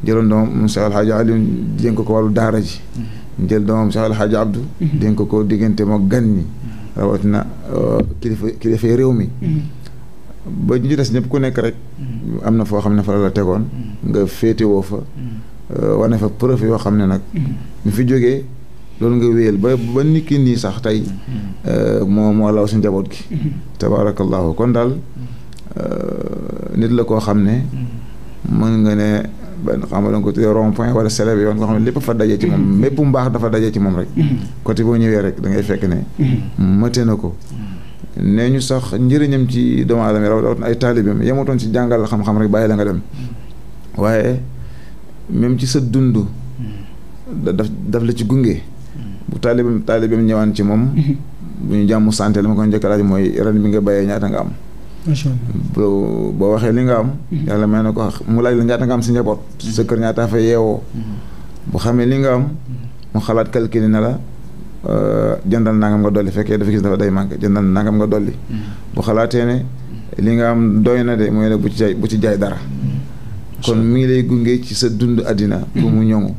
[SPEAKER 2] jëloon doomam Cheikh El Hadj Alioune dénk ko wàllu daara ji. Mm-hmm. jël doomam Cheikh El Hadj Abdou. Mm-hmm. dénk ko ko diggante moo gan ñi. Mm-hmm. rawatina euh, kilifa kilifa réew mi. ba ñu des ñëpp ku nekk rek. am na foo xam ne fa la la tegoon. nga féetewoo fa. Euh, wane fa preuve yoo xam ne nag. ñu fi jógee loolu nga wéyal ba ba nit ki nii sax tey. Euh, moo moo law si njaboot gi. tabaarakallahu kon daal nit la koo xam ne. mën nga ne. benn xam nga ko tuddee rond point wala célèbre yoon nga xam ne lépp fa dajee ci moom mm-hmm. mépp mbaax dafa dajee ci moom rek mm-hmm. côté boo ñëwee rek da ngay fekk ne
[SPEAKER 4] mm-hmm.
[SPEAKER 2] mëte na ko nee ñu sax njëriñam ci doomu aadama yi ay taalibeem yemutoon ci jàngal xam-xam rek bàyyi la nga dem waaye même ci sa dund daf daf la ci gunge bu taalibeem taalibeem ñëwaan ci moom bu ñu jàmm santé la ma ko njëkk laaj mooy ren bi nga bàyyee ñaata nga am boo boo waxee li nga am. Mhm. yàlla may ne ko mu laaj la ñaata nga am si njaboot. Mhm. sa kër ñaata fa yeewoo. Mhm. bu xamee li nga am. mu xalaat calcul ne la euh, jëndal nangam nga dolli fekkee dafa gis dafa day manqué jëndal nangam nga dolli. bu xalaatee ne li nga am doy na de mooy ne bu ci jaay bu ci jaay dara. kon mi ngi lay gunge ci sa dund àddina. pour mu ñoŋu.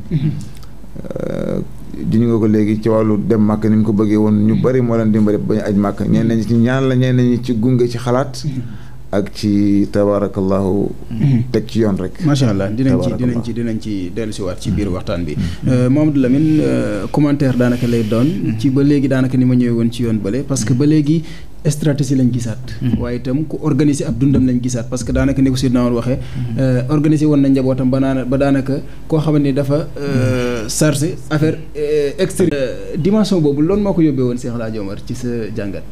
[SPEAKER 2] Euh, ñu nga ko léegi ci wàllu dem màkk ni mu ko bëggee woon ñu mm-hmm. bari moo leen dimbali ba ñu aj màkk ñeen nañu ci ñaan la ñeen nañu ci gunge ci xalaat mm-hmm. ak ci tabaarakallahu mm-hmm. teg ci yoon rek macha allah dinañ ci dinañ ci dinañ ci dellusiwaat ci biir waxtaan bi moom
[SPEAKER 1] du euh, Mamadou Lamine euh, commentaire daanaka lay doon ci ba léegi daanaka ni ma ñëwee woon ci yoon bële parce que ba léegi stratégie lañ gisaat. Mhm. waaye itam ku organiser ab dundam lañ gisaat parce que daanaka ni ko Seydina Omar waxee. Euh, organiser woon na njabootam ba naan ba daanaka koo xamante ni dafa euh, chargé affaire euh, extérieure. dimension boobu loolu moo ko yóbbee woon Cheikh El Hadj ci sa jàngat.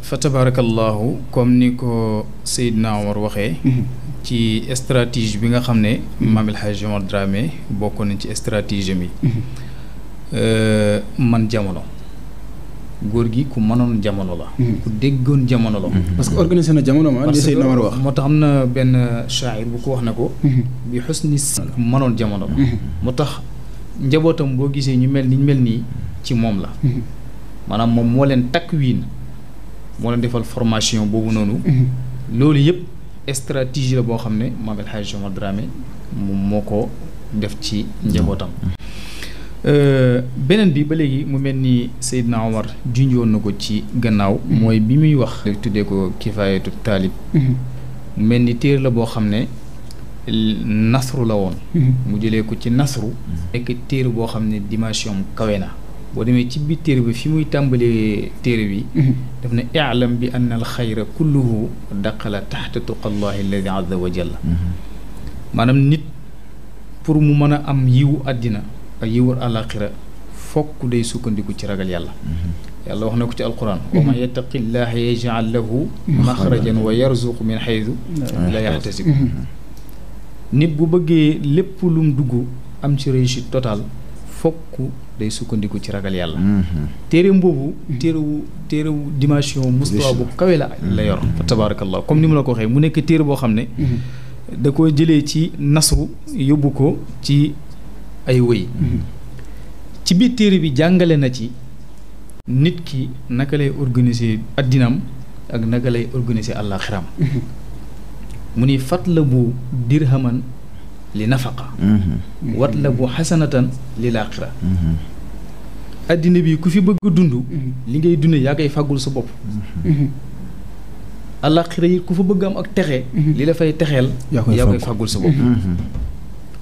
[SPEAKER 1] fa tabarakallahu
[SPEAKER 3] comme ni ko Seydina Omar waxee. Mhm. ci stratégie bi nga xam ne. Mhm. Mame El Hadj Omar Dramé bokk nañ ci stratégie mi man jamono. góor gi ku mënoon jamono la. Hmm. ku déggoon jamono
[SPEAKER 1] la. Hmm. parce que organisé na jamono ma. parce que
[SPEAKER 3] moo tax am na benn shaayir bu ko wax na ko. Hmm. bi xusni mënoon jamono la. moo tax njabootam boo gisee ñu mel ni ñu mel nii ci moom la. maanaam moom moo leen takk wiin moo leen defal formation boobu noonu. loolu yëpp stratégie la boo xam ne Maam El Hadj Omar Dramé moom moo ko def ci njabootam. beneen bi ba léegi mu mel ni Seydina Omar junjoon na ko ci gannaaw. mooy bi muy wax. tuddee ko kifaayatu taalib. mu mel ni téer la boo xam ne nasru la woon. mu jëlee ko ci nasru. nekk téer boo xam ne dimension kawe na. boo demee ci biir téere bi fi muy tàmbalee téere bi daf ne i'lam bi anna al xayra kulluhu daqala taxta tuqallahi alladi azza wa jalla maanaam nit pour mu mën a am yiwu àddina ak yiwal àllaaxira fokk day sukkandiku ci ragal yàlla yàlla wax na ko ci alquran wa man yattaqillaha yaj'al lahu maxrajan wa yarzuqu min xaydu la yaxtasib nit bu bëggee lépp lum dugg am ci réussite totale fokk day sukkandiku ci ragal yàlla téereem boobu téerewu téerewu dimension mustawa bu kawe la la yor fa tabarakallah comme ni mu la ko waxee mu nekk téere boo xam ne da ko jëlee ci nasru yóbbu ko ci ay wëy ci biir téere bi jàngale na ci nit ki naka lay organiser addinam ak naka lay organiser àllaaxiram mu ni fat bu dirhaman li nafaqa wat la bu xasanatan li laaxira addina bi ku fi bëgg dund li ngay dunde yaa koy fàggul sa bopp àllaaxira yi ku fa bëgg am ak texe li la fay texeel yaa koy fàggul sa bopp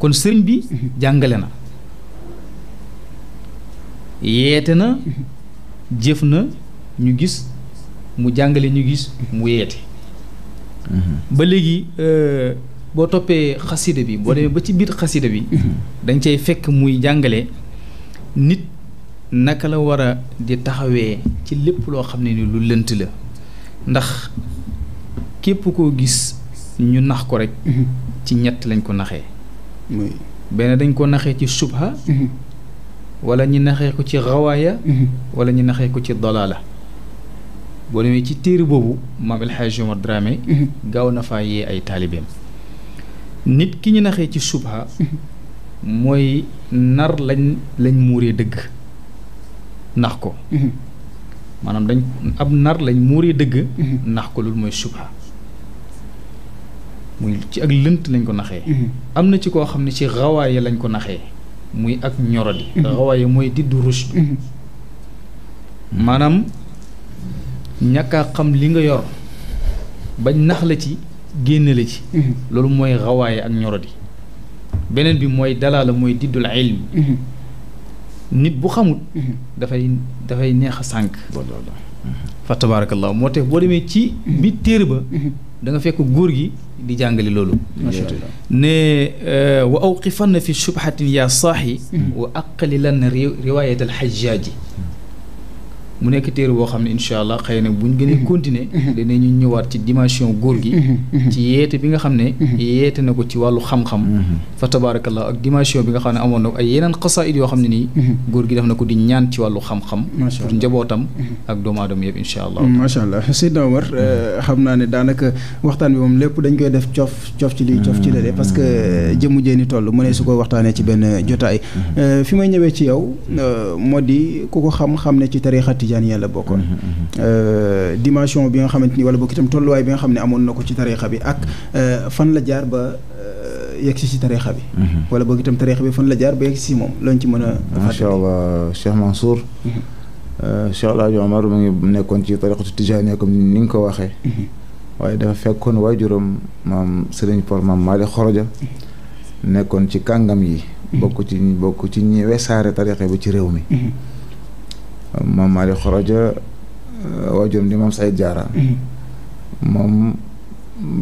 [SPEAKER 3] kon sëriñ bi jàngale na yeete na jëf na ñu gis mu jàngale ñu gis mu yeete ba léegi euh, boo toppee xasida bi boo demee ba ci biir xasida bi dañ cay fekk muy jàngale nit naka la war a di taxawee ci lépp loo xam ne ni lu lënt la ndax képp koo gis ñu nax ko rek ci ñett lañ ko naxee benn dañ ko naxee ci subha wala ñu naxee ko ci xawaaya wala ñu naxee ko ci dalaala boo demee ci téere boobu maam El Omar Dramé gaaw na faa yee ay taalibeem nit ki ñu naxee ci subha mooy nar lañ lañ muuree dëgg nax ko maanaam dañ ab nar lañ muuree dëgg nax ko loolu mooy subha muy ci ak lënt lañ ko naxee. Mhm. am na ci koo xam ne ci rawaaye lañ ko naxee muy ak ñoradi. Mhm. rawaaye mooy diddu rushd. Mhm. maanaam ñàkk xam li nga yor bañ nax la ci génne la ci. loolu mooy rawaaye ak ñoradi. beneen bi mooy dalaala mooy diddul ilm. nit bu xamut. dafay dafay neex a sànq. fa tabaarakallaa moo tax boo demee ci. bi téere ba. da nga fekk góor gi di jàngale loolu ne wa awqifanna fi shubhatin ya saaxi wa aqalilan riwaayat alxajjaaji mu nekk téere boo xam ne incha allah xëy na buñ gën a mhm. continuer mhm. dinañu ñëwaat ci dimension góor gi mhm. ci yeete bi nga xam ne yeete na ko ci wàllu xam-xam fa tabaarakallah ak dimension bi nga xam ne amoon na ay yeneen xasaayid yoo xam ne nii góor gi def na ko di ñaan ci wàllu xam-xam pour njabootam ak doomu aadama yëpp incha allah mm,
[SPEAKER 1] macha allah Seydina Omar euh, xam naa ne daanaka waxtaan bi moom lépp dañ koy def coof coof ci lii coof ci lële parce que mm. jëmu ni toll mu ne su ko waxtaanee ci benn jotaay mm-hmm. euh, fi may ñëwee ci yow mm-hmm. euh, moo di ku xam xam ne ci tarixati tijaan yàlla bokkoon dimension bi nga xamante ni wala bokk itam tolluwaay bi nga xam ne amoon na ko ci tariixa bi ak fan la jaar ba yegsi si tariixa bi wala bokk itam tariixa bi fan la jaar ba yegsi si moom loolu ci mën
[SPEAKER 2] a allah Cheikh Mansour Cheikh Alaaji Omar mu ngi nekkoon ci tariqatu tijaaniya comme ni nga ko waxee waaye dafa fekkoon waajuram maam Sëriñ Por maam Maalik Xoroja nekkoon ci kàngam yi bokk ci bokk ci ñi wesaare tariqa bi ci réew maam Malick Khoroja euh, waajuram di maam Saïd jaara mhm. moom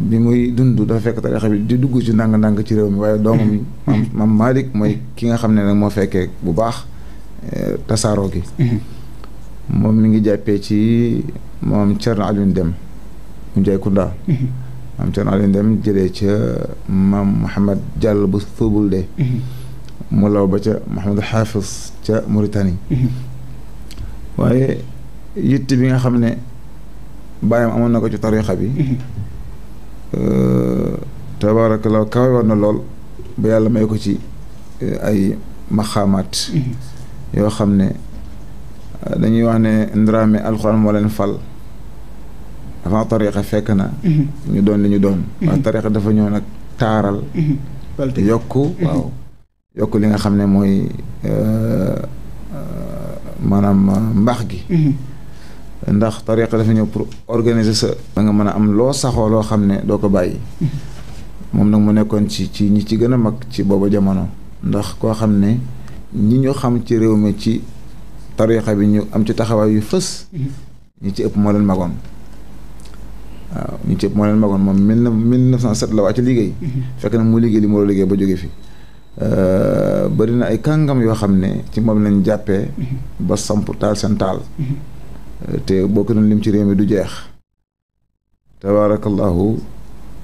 [SPEAKER 2] bi muy dund dafa fekk tarixa bi di dugg ci ndàng-ndàng ci réew mi waaye doomam maam maam Malick mooy ki nga xam ne nag moo fekkee bu baax euh, tasaaroo gi mhm. moom mi ngi jàppee ci moom Thierno Alioune dem mu jaay Kounda mhm. maam Thierno Alioune Deme jëlee ca maam Mouhamed Diallo bu Fëbul de mu law ba ca Mouhamed Hafiz ca Mauritanie waaye yitt bi nga xam ne bàyyam amoon na ko ci tariixa bi mhm. euh, tabaarakallaa kawe war na lool ba yàlla may ko ci euh, ay maxaamaat mhm. yoo xam ne euh, dañuy wax ne ndaraame alxuraan moo leen fal avant tariixa fekk na mhm. ñu doon li ñu doon waaye tariixa dafa ñëw nag taaral yokk waaw yokk li nga xam ne mooy maanaam euh, mbaax gi mhm. ndax tariqa dafa ñëw pour organise sa da nga mën a am loo saxoo loo xam ne doo ko bàyyi mhm. moom nag mu nekkoon ci ci ñi ci gën a mag ci booba jamono ndax koo xam ne ñi ñu xam ci réew mi ci tariqa bi ñu am ci taxawaay yu fës mhm. ñi ci ëpp moo leen magoon waaw ñi ci ëpp moo leen magoon moom mille neuf cent sept la wàcc ci liggéey fekk na mu liggéey li mu war liggéey ba jóge fi Euh, bëri na ay kàngam yoo xam ne ci moom nañ jàppee mhm. ba samp taal seen taal mhm. euh, te bokk na lim ci réew mi du jeex tabarakallahu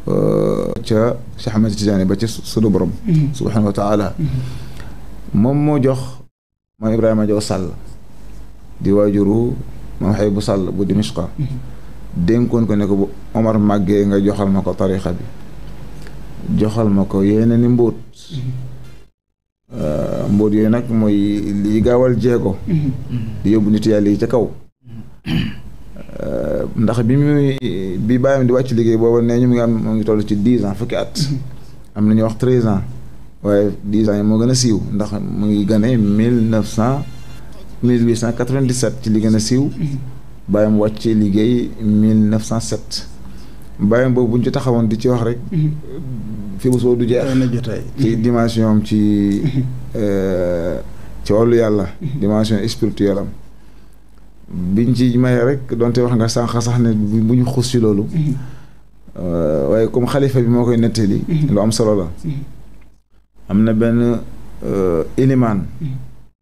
[SPEAKER 2] euh, ca Cheikh Ahmed ba ci sunu borom mhm. subhanahu wa moom moo jox maam Ibrahima Jaw Sàll di waajuru maam xëy bu sàll bu Dimishqa dénkoon ko ne ko bu Omar màggee nga joxal ma ko tarixa bi joxal ma ko yeneen i mbóot Euh, mboot yooyu nag mooy liy gaawal jéego. di yóbbu nit yàlla yi ca kaw. Euh, ndax bi muy bi bàyyam di wàcc liggéey boobu nee ñu mu ngi am mu ngi toll ci dix ans fukki at. am na ñuy wax treize ans waaye dix ans moo gën a siiw ndax mu ngi gane mille neuf cent mille huit cent quatre-vingt-dix-sept ci li gën a siiw. bàyyam wàcc liggéey mille neuf cent sept. bàyyam boobu bu ñu ci taxawoon di ci wax rek. fi bu soo du jeex ci dimension am ci *laughs* euh, ci wàllu yàlla dimension spirituelle am biñ ci may rek donte wax nga sànq sax ne bu ñu xus ci loolu mm-hmm. euh, waaye comme xalifa bi moo koy nettali mm-hmm. lu am solo la mm-hmm. am na benn euh, ilimaan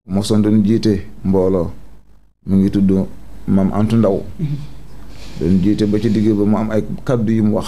[SPEAKER 2] mosoon doon jiite mbooloo mu ngi tudd maam Antu Ndaw doon jiite ba ci digg ba mu am ay kàddu yu mu wax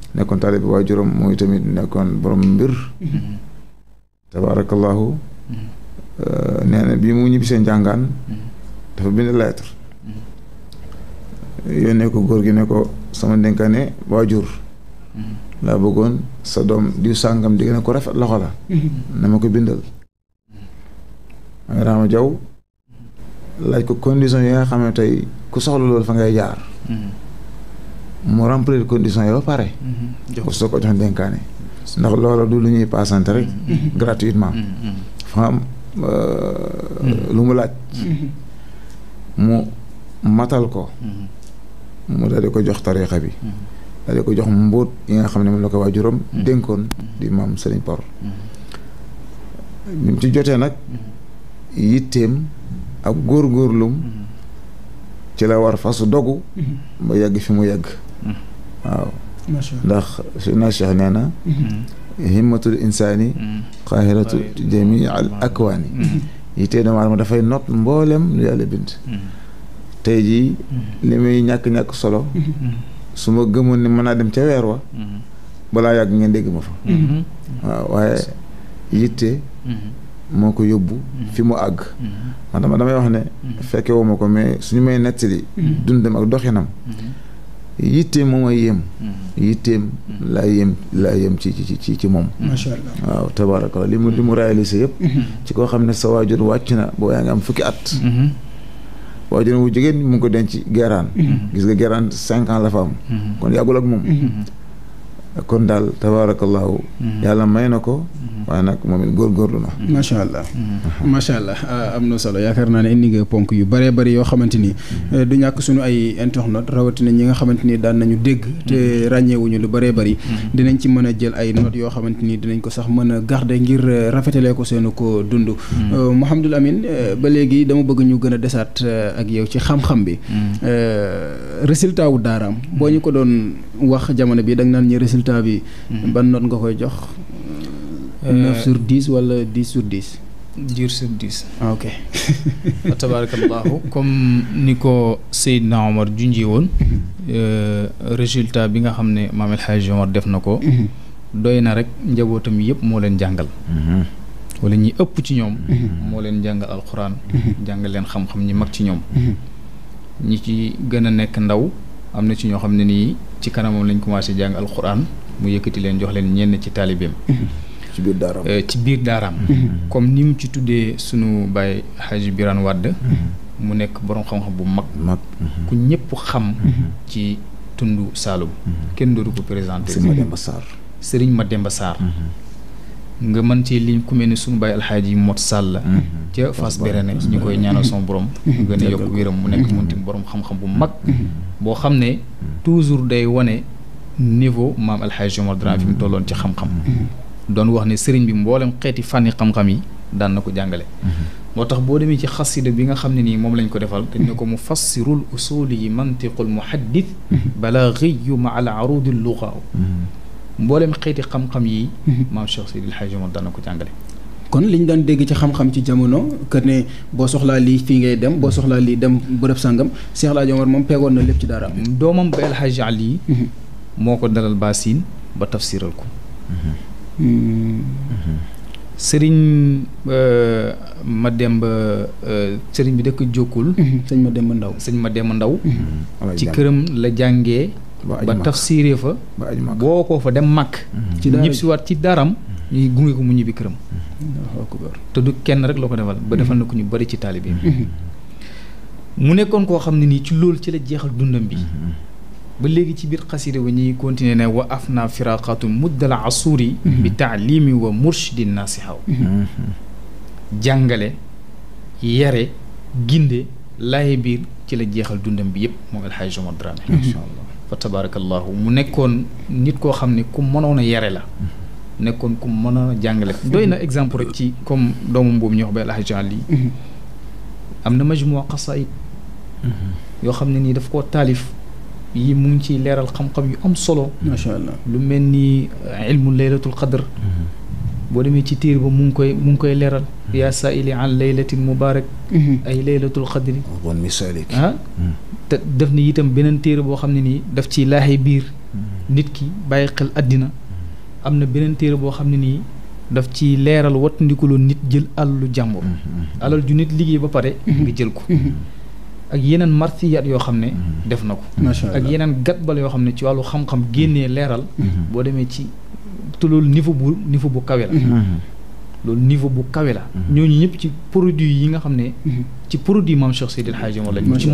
[SPEAKER 2] nekkoon taalibe waajuram mooy tamit nekkoon borom mbir tabaarakallaahu mm-hmm. nee na bi mu ñibbisee njàngaan mm-hmm. dafa bind lettre mm-hmm. yónnee ko góor gi ne ko sama dénkaane waajur laa bëggoon sa doom diw di gën a ko rafet loxo la na ma ko bindal Rama Jaw laaj ko condition yi nga xam ne tey ku soxla loolu fa ngay jaar mu remplir condition yoo pare.
[SPEAKER 4] Mhm. jox
[SPEAKER 2] soo ko jox dénkaane. ndax loolu du lu ñuy paasante rek. Mhm. Mhm. gratuitement. fa am euh, lu mu laaj. mu matal ko. mu daal di ko jox tariixa bi. daal di ko jox mbóot yi nga xam ne moom la ko waajuram dénkoon di maam Serigne Por.
[SPEAKER 4] ñu mu ci jotee
[SPEAKER 2] nag yitteem ak góor góorgóorlum ci la war fasu dogu. ba yàgg fi mu yàgg. waaw ndax na cheikh nee na
[SPEAKER 4] mm-hmm.
[SPEAKER 2] himmatul insaani qaahiratu mm-hmm. jamii al akwaani mm-hmm. yitee doomu aadama dafay not mboolem lu yàlla bind tey jii li may ñàkk-ñàkk solo su ma gëmoon ni mën naa dem ca weer wa balaa yàgg ngeen dégg ma fa waaw waaye yitte moo ko yóbbu fi mu àgg man dama damay wax ne fekkewuma ko mais suñu may nettali dundam ak doxinam yitteem moom ay yem.
[SPEAKER 4] Mm-hmm.
[SPEAKER 2] yitteem mm-hmm. laa yem laa yem ci ci ci ci moom. macha allah waaw tabaaraka li mu li mu mm-hmm. réalisé ci koo xam ne sa waajur wàcc na boo yaa ngi am fukki at. waajur wu jigéen mu ngi ko denc geraan. gis nga geraan cinq la fa am. kon yàggul ak moom. kon daal tabaarakallaahu mhm. yàlla may na ko mhm. waaye nag moom it góorgóorlu na mhm. macha allah macha allah ah,
[SPEAKER 1] am na solo yaakaar naa ne indi nga ponk yu bëree bëri yoo xamante ni eh, du ñàkk suñu ay internet rawatina ñi nga xamante ni daan nañu dégg te ràññeewuñu lu bëree bëri dinañ ci mën a jël ay notes yoo xamante ni dinañ ko sax mën a garder ngir eh, rafetalee ko seenu ko dund euh, Mouhamadul Amine eh, ba léegi dama bëgg ñu gën a desaat ak yow ci xam-xam bi euh, résultat wu daaraam boo da nga résultat bi. Mhm. ban note nga koy jox. 9 euh, sur 10 wala 10 sur 10. 10 sur 10. Ah, ok. wa tabarakallahu comme
[SPEAKER 3] ni ko Seydina Omar junjee woon. Mhm. Euh, résultat bi nga xam ne Maam El def na ko. Mhm. doy na rek njabootam yëpp moo leen jàngal. wala ñi ëpp ci ñoom. moo leen jàngal alxuraan. jàngal leen xam-xam ñi mag ci ñoom. ñi ci gën a nekk ndaw am na ci ñoo xam ne nii. ci kanamam lañ commencé jàng alxuraan mu yëkkati leen jox leen ñenn ci taalibeem ci biir daaraam euh, ci biir daaraam comme ni mu ci tuddee sunu baay Haji biraan Wade mu nekk borom xam-xam bu mag mag ku ñëpp xam ci tund Saalum kenn dootu ko présenté Serigne Mademba Sarr Serigne Mademba Sarr nga man ci liñ ku mel suñu bàyyi alhaji mot sàll ci fas berene ñi koy ñaanal son borom gën a yokk wéram mu nekk muntim borom xam-xam bu mag bo xamne toujours day wone niveau mam alhaji Omar dran fi tolon ci xam-xam don wax ne serigne bi mbolam xeti fànni xam-xam yi dan nako jàngale motax bo boo ci xasida bi nga xamni ni mom lañ ko defal te ñoko ko mu fassirul usuli mantiqul muhaddith balaghi ma al arudi lugha mboolem xeeti xam-xam yi. Mhm. maam Cheikh Seydi El Hadji Omar ko jàngale.
[SPEAKER 1] kon li ñu daan dégg ci xam-xam ci jamono que ne boo soxlaa lii fii ngay dem boo soxlaa lii dem bërëb sàngam Cheikh El Hadji Omar moom pegoon na lépp ci daaraam. doomam ba El Hadji Ali. Mhm. moo ko dalal baasin ba tafsiral ko.
[SPEAKER 3] Mhm. sëriñ euh, Mademba euh, sëriñ bi dëkk Jokkul. sëñ Mademba Ndaw sëñ Mademba Ndaw. ci këram la jànge ba tafsiiree fa boo ko fa dem màkk ñib si waat ci daram ñuy gunge ko mu ñibbi këram te du kenn rek loo ko defal ba defal na ñu bari ci taalibe mu nekkoon koo xam ne ci loolu ci la jeexal dundam bi ba léegi ci biir xasida wa ñuy continuer ne wa af firaqatu muddal asuri bi taalimi wa murshidin nasihaw jàngale yare ginde laaye ci la jeexal dundam bi yépp moom El Hadj Omar Dramé فتبارك الله منكون نيتكو خامني كوم مانونا يارلا نكون كوم مانونا جانغلك دوينا اكزامبل تي كوم دوم بوم نيوخ بي الحاج علي امنا مجموع قصائد يو خامني ني داف كو تاليف يي مون تي ليرال خام خام يو ام سولو ما شاء الله لو ملني علم ليله القدر بو ديمي تي تير بو مون كوي مون كوي ليرال يا سائلي عن ليله مبارك اي ليله القدر
[SPEAKER 2] اظن مثالك ها
[SPEAKER 3] def ni itam beneen téere boo xam ne nii daf ci laaxee biir mm-hmm. nit ki bàyyi xel àddina am na beneen téere boo xam ne nii daf ci leeral wattandikuloo nit jël alalu jàmbur mm-hmm. alal ju nit liggéey ba pare mm-hmm. nga jël ko ak yeneen martiyaat yoo xam ne def na ko ak yeneen gatbal yoo xam ne ci wàllu xam-xam génnee leeral boo demee ci te loolu niveau bu niveau bu kawe la loolu niveau bu kawe la ñooñu ñëpp ci produit yi nga xam ne ci produit maam Cheikh Seydil Hadji Mawlana lañ ci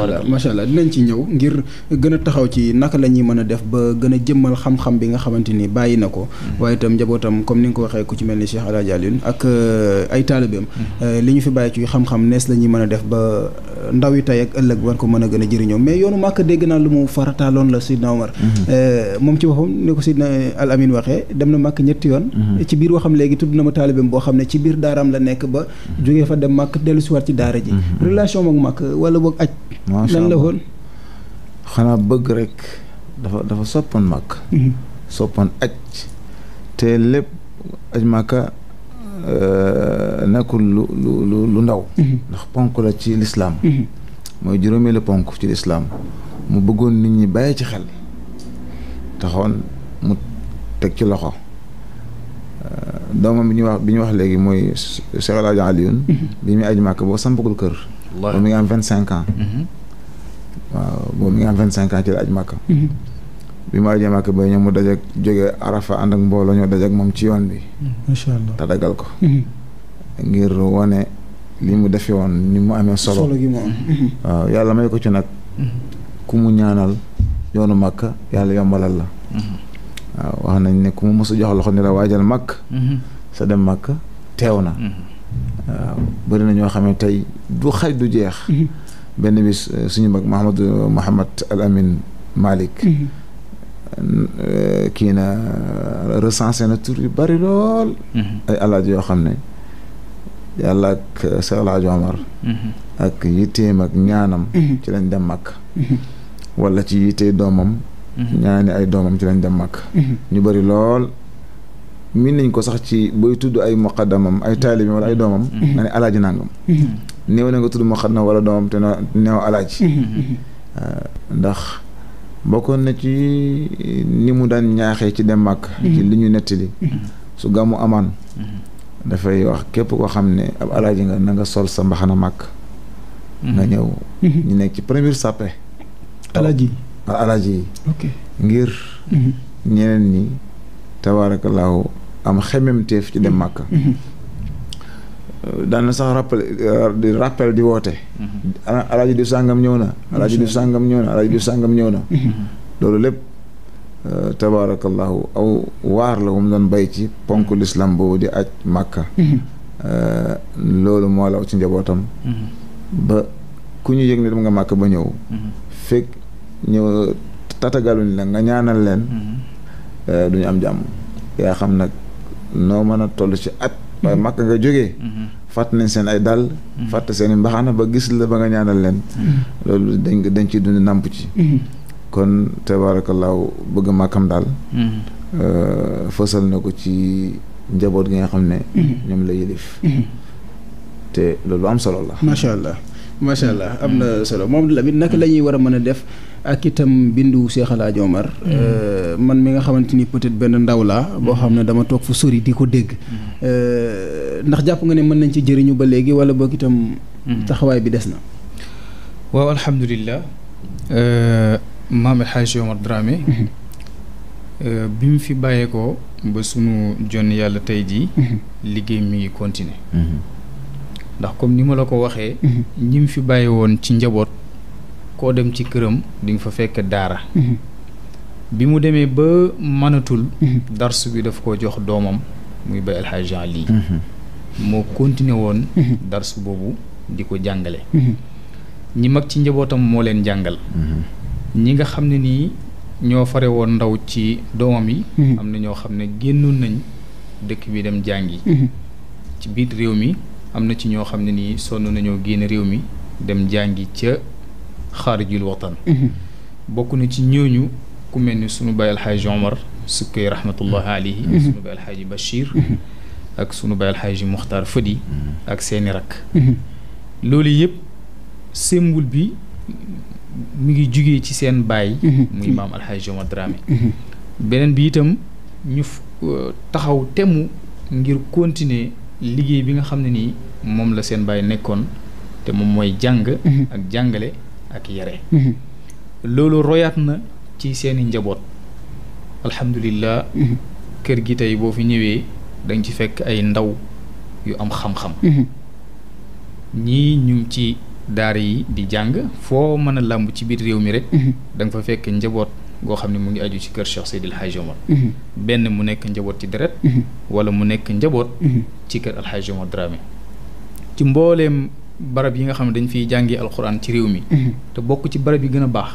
[SPEAKER 3] allah
[SPEAKER 1] macha allah ci ñëw ngir gën a taxaw ci naka la ñuy mën a def ba gën a jëmmal xam-xam bi nga xamante ni bàyyi na ko. Hmm. waaye itam njabootam comme ni nga ko waxee ko ci mel ni Cheikh euh, hmm. euh, fi bàyyi ci xam-xam nees la ñuy mën a def ba euh, ndaw yi tey ak ëllëg war ko mën a gën a jëriñoo mais yoonu màkk dégg naa lu mu farataaloon la Seydina Omar. Hmm. moom ci boppam ni ko Seydina Al waxee dem na màkk ñetti yoon. ci biir waxam léegi tudd na ma taalibeem boo xam ne ci biir daaram la nekk dafa dem màkk dellu si waat ci daara ji. Mhm. relation
[SPEAKER 2] moom màkk wala boog aj. lan la woon. xanaa bëgg rek dafa dafa soppoon màkk. Mhm. soppoon aj te lépp aj màkka euh, nekkul lu lu lu ndaw. Mhm. ndax ponk la ci lislaam mooy juróomeelu ponk ci lislaam mu bëggoon nit ñi bàyyi ci xel taxoon mu teg ci loxo. Euh, doomam bi ñu wax bi ñu wax léegi mooy solo El Hadj Alioune mhm. bi muy aji màkk boo sampagul kër boobu mi ngi am vingt cinq ans mhm. waaw boobu mi ngi am vingt cinq ans ci la aj màkk mhm. bi mu ajee màkk ba ñoom mu dajek jógee Arafa ànd ak mbooloo ñoo dajek moom ci yoon bi macha allah te dagal ko ngir wane li mu defee woon ni mu amee solo gi mu waaw yàlla may ko ci nag ku mu ñaanal yoonu makk yàlla yombalal la waaw wax nañ ne ku mu mos a jox loxo ni la waajal màkk sa dem màkk teew na waaw bëri na ñoo xam ne tey du xaj du jeex benn bis suñu mag Mahamad Mahamad Al Amin Malik kii na recensé na tur yu bari lool ay alaaj yoo xam ne yàlla ak sa alaaj Omar ak yitteem ak ñaanam ci lañ dem màkk wala ci yittee doomam Mhm. ñaani ay doomam ci lañ dem màkk mhm. ñu bari lool miin nañ ko sax ci booy tudd ay muqaddamam ay taalibi wala ay doomam nga mhm. ne alaaji nàngam néew na nga tudd muqaddam wala doomam te neew alaaji euh, ndax bokkoon na ci ni mu daan ñaaxee ci dem màkk ci li ñu nettali su gàmmu amaan dafay wax képp koo xam ne ab alaaji nga nanga sol sa mbaxana màkk nga ñëw ñu nekk ci premier sàppe alaaji alaaji yi ngir mhm. ñeneen ñi tabaarakallaahu am xememteef ci dem màkka mhm. mhm. euh, daana sax rappel euh, di rappel di woote alaaji diw sàngam ñëw na alaaji diw sàngam ñëw na sàngam ñëw na loolu lépp euh, tabaarakallaahu aw waar la wum doon bay ci ponk lislaam boobu di aj màkka loolu moo law ci njabootam ba ku ñu yëg ne dem nga màkk ba ñëw fekk ñëw tatagaluñ la nga ñaanal leen mm-hmm. euh, du ñu am jàmm yaa xam nag noo mën a toll ci at waaye makk mm-hmm. nga jógee mm-hmm. fàtt nañ seen ay daal fàtt seen i mbaxana ba gis la ba nga ñaanal leen loolu dañ dañ ci dund nàmp ci kon tabaarakallaahu bëgg màkkam daal euh, fësal na ko ci njaboot gi nga xam ne ñoom la yëlif te loolu am solo la macha allah
[SPEAKER 1] macha allah am na solo moom Lamine naka lañuy war a mën a def ak itam bindu Cheikh El Hadj Omar. Mm. Euh, man mi nga xamante ni peut-être benn ndaw laa. boo mm. xam ne dama toog fu sori di ko dégg. Mm. Euh, ndax jàpp nga ne mën nañ ci jëriñu ba léegi wala boog itam. taxawaay bi des na.
[SPEAKER 3] waaw alhamdulilah. Euh, Maam El Hadj Omar *laughs* bi mu fi bàyyeekoo ba sunu jonn yàlla tey jii. *laughs* Mhm. liggéey mi ngi continuer. Mhm. ndax comme ni ma la ko waxee. Mhm. ñi mu fi bàyyi woon ci njaboot. koo dem ci këram di nga fa fekk daara mhm. bi mu demee ba mënatul mhm. darsu bi daf ko jox doomam muy bay alxaaji Ali mhm. moo continué woon darsu boobu di ko jàngale ñi mag ci njabootam moo leen jàngal ñi nga xam ne nii ñoo fare woon ndaw ci doomam yi am na ñoo xam ne génnoon nañ dëkk bi dem jàngi ci biit réew mi am na ci ñoo xam ne nii sonn nañoo génn réew mi dem jàngi ca خارج الوطن بكوني تنيونيو كمان سنو باي الحاج عمر سكي رحمة الله عليه سنو باي الحاج بشير اك سنو باي الحاج مختار فدي اك سيني رك لولي يب سيمول بي ميجي جوجي تي سين باي مي مام الحاج عمر درامي بنن بيتم نيو آه، تخاو تيمو ngir continuer liggey bi nga xamni ni mom la sen baye nekkon te mom moy jang ak jangale ak yare mhm. loolu royaat na ci seeni njaboot alhamdulilah mhm. kër gi tey boo fi ñëwee danga ci fekk ay ndaw yu am xam-xam mhm. ñii ñu ngi ci daara yi di jàng foo mën a làmb ci biir réew mi rek da nga fa fekk njaboot goo xam ne mu ngi aju ci kër Cheikh Seydil Hadji benn mu nekk njaboot ci deret wala mu nekk njaboot ci kër Alhaji Omar ci mbooleem barab yi nga xam ne dañ fiy jàngee alxuraan ci réew mi. Mhm. te bokk ci barab yi gën a baax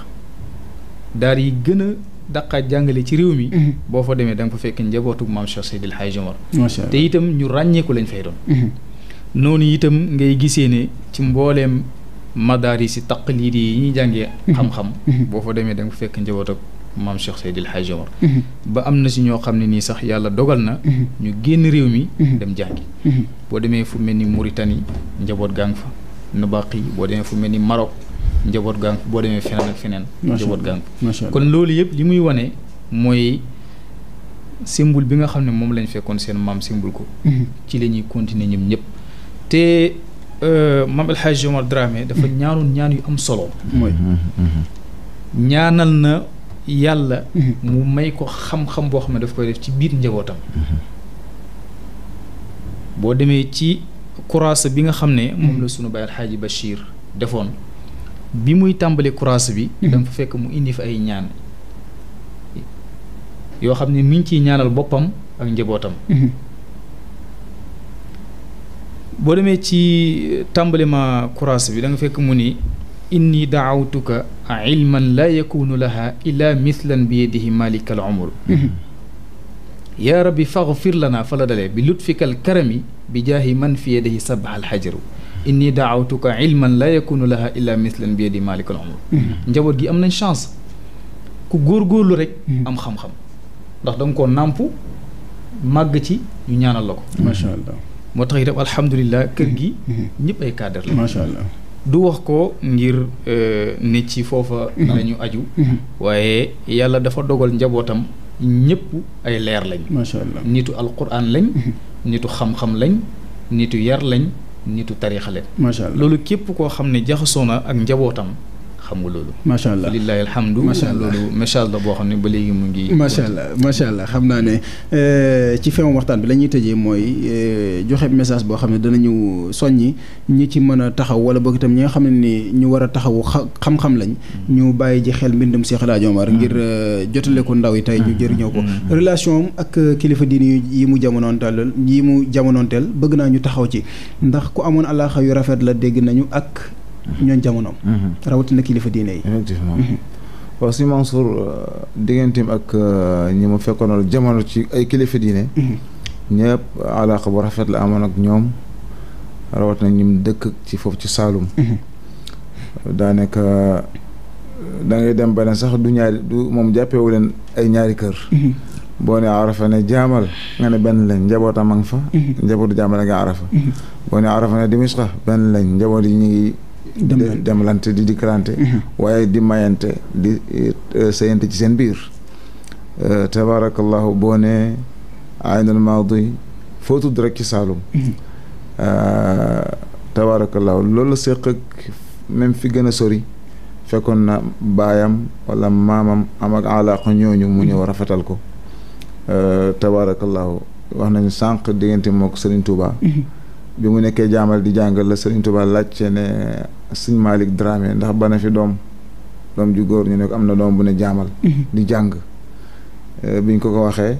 [SPEAKER 3] daara yi gën a daqaat jàngale ci réew mi. Mhm. boo fa demee da nga fa fekk njabootu maam Cheikh Seydil Hadji Omar. te itam ñu ràññeeku lañ fay doon. Mhm. noonu itam ngay gisee ne ci mbooleem yi si taqlidi yi ñuy jàngee. xam-xam boo fa demee da fa fekk njaboot maam Cheikh Seydil Hadji Omar ba am na si ñoo xam ne nii sax yàlla dogal na ñu génn réew mi dem jàngi boo demee fu mel ni Mauritanie njaboot gaa ngi fa Nabaqi boo demee fu mel ni Maroc njaboot gaa ngi fa boo demee feneen ak feneen njaboot gaa ngi fa kon loolu yëpp li muy wane mooy symbole bi nga xam ne moom lañ fekkoon seen maam symbole ko ci la ñuy continuer ñoom ñëpp te maam El Hadji Omar Dramé dafa ñaanoon ñaan yu am solo ñaanal na yàlla mhm. mu may ko xam-xam boo xam ne daf koy def ci biir njabootam mhm. boo demee ci kuraasa bi nga xam ne mhm. moom la sunu baay alxaaji Bachir defoon bi muy tàmbali kuraasa bi dama fekk mu indi fa ay ñaan yoo xam ne mi ngi ciy ñaanal boppam ak njabootam bi da daawtuka علما لا يكون لها إلا مثلا بيده مالك العمر يا ربي فاغفر لنا فلدلي بلطفك الكرم بجاه من في يده سبح الحجر إني دعوتك علما لا يكون لها إلا مثلا بيد مالك العمر نجاور جي أمنا شانس كو غور غور لرك أم خم خم داخ دنكو نامبو ماغتي يو نيانال لوكو ما شاء الله motax itam الحمد لله gi ñëpp ay cadre la masha allah du wax ko ngir euh, nit ci foofa mhm. la aju mhm. waaye yàlla dafa dogal njabootam ñëpp ay leer lañ macha allah nitu alquran lañ mhm. nitu xam-xam lañ nitu yar lañ nitu tarixa lañ loolu képp koo xam ne jaxasoo
[SPEAKER 1] na ak njabootam xam nga
[SPEAKER 3] loolu. macha allah lillahi alhamdu. macha allah loolu message boo xam ne ba léegi mu ngi. macha allah
[SPEAKER 1] macha xam naa ne euh, ci fin waxtaan bi lañuy tëjee mooy euh, joxe message boo xam ne danañu soññi ñi ci mën a taxaw wala boog itam ñi nga xam ne ni ñu war a taxawu xam-xam lañ. ñu bàyyi ji xel mbindum Cheikh El Hadj Omar mm. ngir euh, jotale ko ndaw yi tey ñu mm. jëriñoo ko. Mm. relation ak kilifa diini yi mu jamonoonteel yi mu jamononteel bëgg naa ñu taxaw ci ndax ku amoon alaaxa yu rafet la dégg nañu ak. ñooñ jamonoom. rawatina kilifa
[SPEAKER 2] diine yi. effectivement waaw si Mansour digganteem ak ñi ma fekkoonal jamono ci ay kilifa diine. ñëpp alaaqa bu rafet la amoon ak ñoom rawatina ñum dëkk ci foofu ci Saalum. daanaka da ngay dem beneen sax du ñaari du moom jàppewu leen ay ñaari kër. boo ne arafa ne jaamal nga ne benn lañ njabootam a ngi fa. njabootu jaamal nga arafa. boo ne arafa ne dimisqa benn lañ njaboot yi ñu ngi demlante di dikkalante mhm. waaye di mayente di eh, eh, sëyante ci seen biir eh, tabarakallahu boo ne aynal maadi foo tudd rek ci Saalum mhm. tabarakallahu loolu la séq ak même fi gën a sori fekkoon na baayam wala maamam am ak alaaq ñooñu mu ñëw mhm. rafetal ko tabarakallahu wax nañu sànq diggante mook Serigne Touba
[SPEAKER 4] bi
[SPEAKER 2] mu nekkee jaamal di jàngal la Serigne Touba laajte ne sëñ Malick drame ndax bana fi doom doom ju ñu ne ko am na doom bu ne jaamal mhm. di jàng eh, biñ ko ko waxee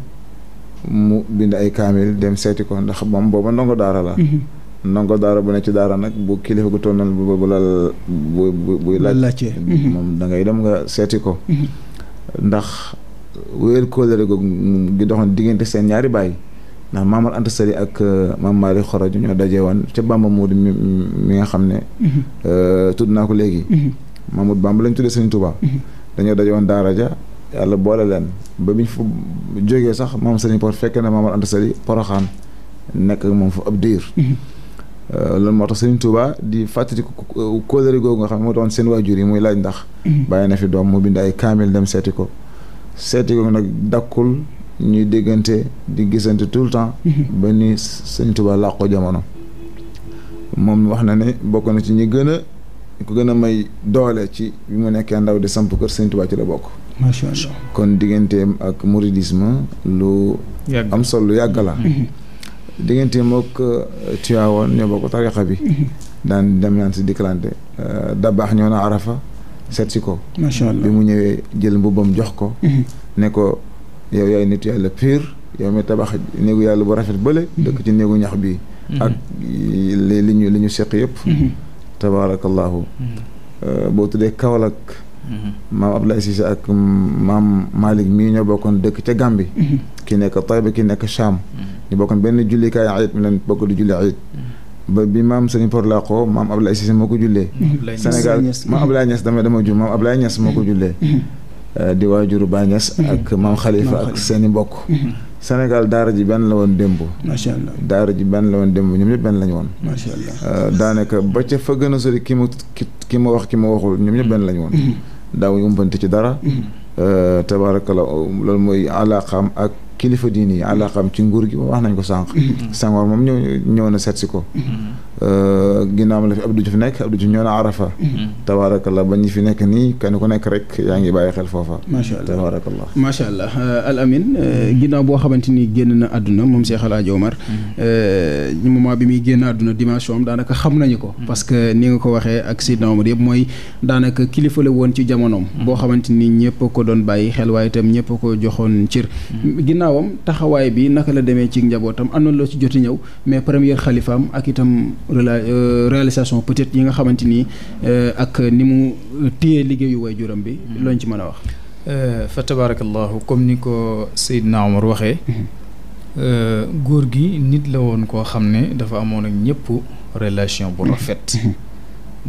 [SPEAKER 2] mu bind ay kaamil dem seeti ko ndax moom booba ndongo daara la mhm. ndongo daara bu ne ci daara nag bu kilifa gu toll noonu bu bu la bu buy laaj mhm. moom da ngay dem nga seeti ko ndax wéyal kóolare googu gi doxoon diggante seen ñaari baay ndax Maam Mor Anta ak euh, Maam Malick Khorodio ñoo daje woon ca Bamba Mouride mi mi nga xam ne. Mhm. Euh, tudd naa ko léegi. Mhm. Mamadou Bamba lañ tuddee Sëriñ Touba. Mhm. dañoo daje woon Daara ja yàlla boole leen ba biñ fa jógee sax maam Sëriñ Por fekkee na Maam Mor Anta Sali Poroxaan nekk moom fa ab diir. Euh, loolu moo tax Serigne Touba di fàttali ko kóolari googu nga xam ne moo doon seen waajur yi muy laaj ndax. bàyyi na fi doom mu bind ay kaamil dem seeti ko. seeti ko nag dakkul ñuy déggante di gisante tout le temps. Mhm. ba ni sëñ Tuba làqu jamono. moom wax na ne bokk na ci ñu gën a ko gën a may doole ci bi mu nekkee ndaw di samp kër sëñ Tuba ci la bokk. kon digganteem ak mouridisme lu. am solo lu yàgg la. Mhm. digganteem ak euh, Tiwaawoon ñoo bokk tarixa bi. Mhm. daan dem naan si dikkalante euh, dabaax ñëw na Arafa seet si ko. macha bi mu ñëwee jël mbubbam jox ko. ne ko. yow yaay nit yàlla pire yow mi tabax néegu yàlla bu rafet bële dëkk ci néegu ñax bi ak li li ñu li ñu seq yëpp tabaarakallaahu boo tuddee Kaolack maam Abdoulaye Cissé ak maam Malick mii ñoo bokkoon dëkk ca Gàmbi ki nekk Taïba ki nekk Cham ñu bokkoon benn jullikaay ayit mi leen bokk di julli ayit ba bi maam Sëriñ Por Laqo maam Abdoulaye Cissé moo ko jullee Sénégal maam Abdoulaye Niass dama dama jur maam Abdoulaye Niass moo ko jullee Euh, di waajuru Bañas mhm. ak maam xalifa ak seeni mbokk mhm. Sénégal daara ji benn la woon démb macha allah daara ji benn la woon démb ñoom ñëpp benn la woon macha allah euh, daanaka ba ca fa gën a sori ki ma ki ma wax ki ma waxul ñoom ñëpp benn la mhm. ñu woon daawuñu umpante ci dara euh, tabaarakala loolu mooy alaaxam ak kilifa diini yi alaaxam ci nguur gi wax nañ ko sànq Senghor moom ñëw ñëw na seet si ko Euh, ginnaaw la fi Abdou Diouf nekk Abdou Diouf ñoo na Arafa. Mhm. tabaarakallah ba ñi fi nekk nii kenn ko nekk rek yaa ngi bàyyi xel foofa. macha allah tabaarakallah
[SPEAKER 1] macha allah euh, al amin euh, ginnaaw boo xamante ni génn na àdduna moom Cheikh a Hadj Omar. Mhm. moment bi muy génn àdduna dimension am daanaka xam nañu ko. Mhm. parce que ni nga ko waxee ak Seydina Omar mooy daanaka kilifa la woon ci jamonoom. boo xamante nii ñëpp ko doon bàyyi xel waaye tam ñëpp ko joxoon cër. ginnaawam taxawaay bi naka la demee ci njabootam am na loo ci joti ñëw mais premier xalifaam ak itam. rela euh, réalisation peut-être yi nga xamante ni euh, ak ni mu euh, téye liggéeyu waajuram bi. Mm-hmm. looñ ci mën a
[SPEAKER 3] wax. fa tabarakallahu comme ni ko Seydina Omar waxee. Mm-hmm. góor gi nit la woon koo xam ne dafa amoon ak ñëpp relation bu rafet. Mm-hmm.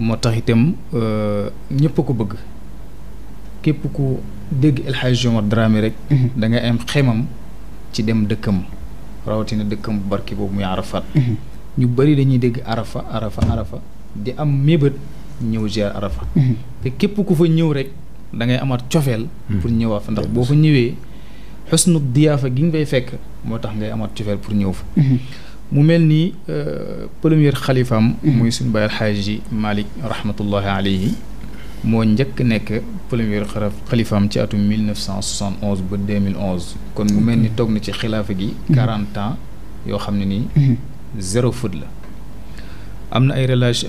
[SPEAKER 3] moo tax itam ñëpp ko bëgg. képp ku dégg El Hadj rek. da am xemam ci dem dëkkam rawatina dëkkam bu barki boobu muy Arafat. ñu bëri dañuy dégg arafa arafa arafa di am mébét ñëw ziar arafa. te képp ku fa ñëw rek da ngay amaat cofeel. pour ñëwaat fa ndax boo fa ñëwee xusnu diyaafa gi nga fay fekk moo tax ngay amaat cofeel pour ñëw fa. mu mel ni premier xalifaam. muy suñu baay alxaaji Malick rahmatullahi alayhi moo njëkk nekk premier xalifaam ci atum 1971 ba 2011 kon mu mel ni toog na ci xilaafa gi. 40 ans yoo xam ne nii. zéro faute la am na ay relation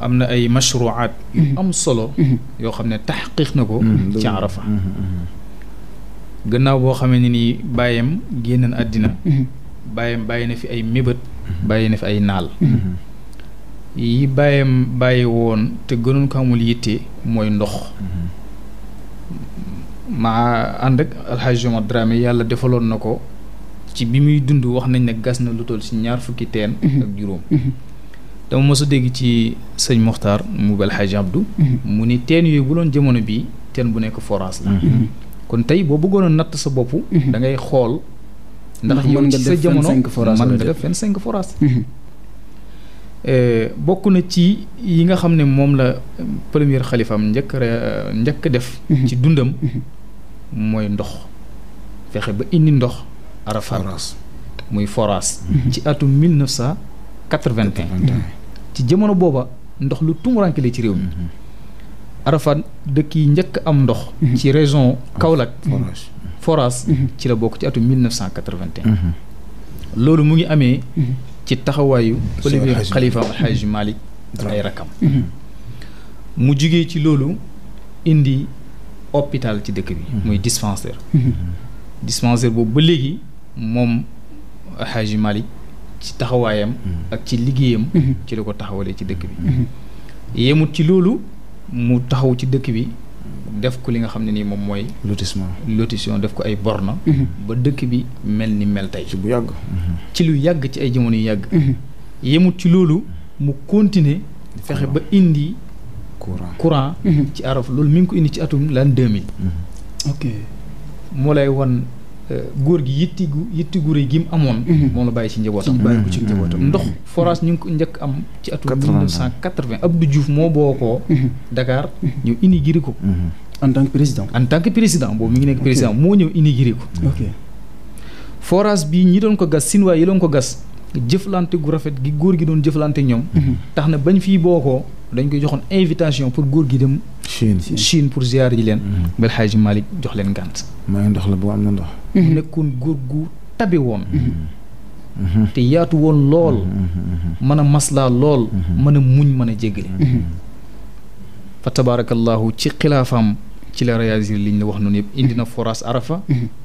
[SPEAKER 3] am na ay mashruaat yu am solo yoo xam ne taxqiq na ko ci Arafa gannaaw boo xamee ne nii bàyyam génn na àddina bàyyam bàyyi na fi ay mébét bàyyi na fi ay naal yi bàyyam bàyyi woon te gënoon ko amul yitte mooy ndox maa ànd ak alxaaj Omar Dramé yàlla defaloon na ko ci bi muy dund wax nañ ne gas na lu toll si ñaar fukki teen ak mhm. juróom mhm. dama mos a dégg ci sëñ Mokhtar mu bel Hadj Abdou mhm. mu ni teen yooyu bu doon jamono bii teen bu nekk forage la kon tey boo bëggoon natt sa bopp da ngay xool ndax yow ci sa jamono mën nga def vingt cinq eh, bokk na ci yi nga xam ne moom la premier xalifaam njëkk njëkk def ci dundam mooy ndox fexe ba indi ndox Arafat muy forage mm-hmm. ci atum 1981 mm-hmm. ci jamono booba ndox lu tumuranke ci réew mi mm-hmm. Arafat dëkk yi njëkk am ndox ci région Kaolack forage ci la bokk ci atum 1981 loolu mu ngi amee ci taxawaayu Olivier Khalifa Alhaji Malick ay rakam mu jugee ci loolu indi hôpital ci dëkk bi muy dispensaire dispensaire boobu ba léegi moom Hadji Malick ci taxawaayam mm-hmm. ak ci liggéeyam mm-hmm. ci la ko taxawalee ci dëkk bi mm-hmm. yemut ci loolu mu taxaw ci dëkk bi def ko li nga xam ne nii moom mooy lotissement lotissement def ko ay borna ba dëkk bi mel ni mel tey ci bu yàgg ci lu yàgg ci ay jamono yu yàgg yemut ci loolu mu continuer fexe ba indi courant courant ci araf loolu mi ngi ko indi ci atum l'an deux mille moo lay wan Euh, góor gi yitti gu yitti gu rëy gi mu amoon. Mhm. moom la bàyyi ci njabootam. bàyyi ko mhm. Mhm. ndox forage ñu ngi ko njëkk am. ci atum 1980 Abdou Diouf moo bookoo. Dakar ñëw inauguré ko. en tant que président. en tant que président boobu mi ngi nekk président moo ñëw inauguré ko. forage bi ñi doon ko gas Sinwaa yi doon ko gas jëflante gu rafet gi góor gi doon jëflante ñoom. tax na bañ fii bookoo. dañ koy joxoon invitation pour góor gi dem. Chine Chine pour ziar yi leen. bel xaaji malik jox leen gànt. maa ngi ndox la bu am na ndox. mu nekkoon góor gu tabe woon. te yaatu woon lool. mën a maslaa lool. mën a muñ mën a jéggale. fa tabarakallahu ci xilaafaam ci la réaliser liñ la wax noonu yëpp indi na forage Arafa.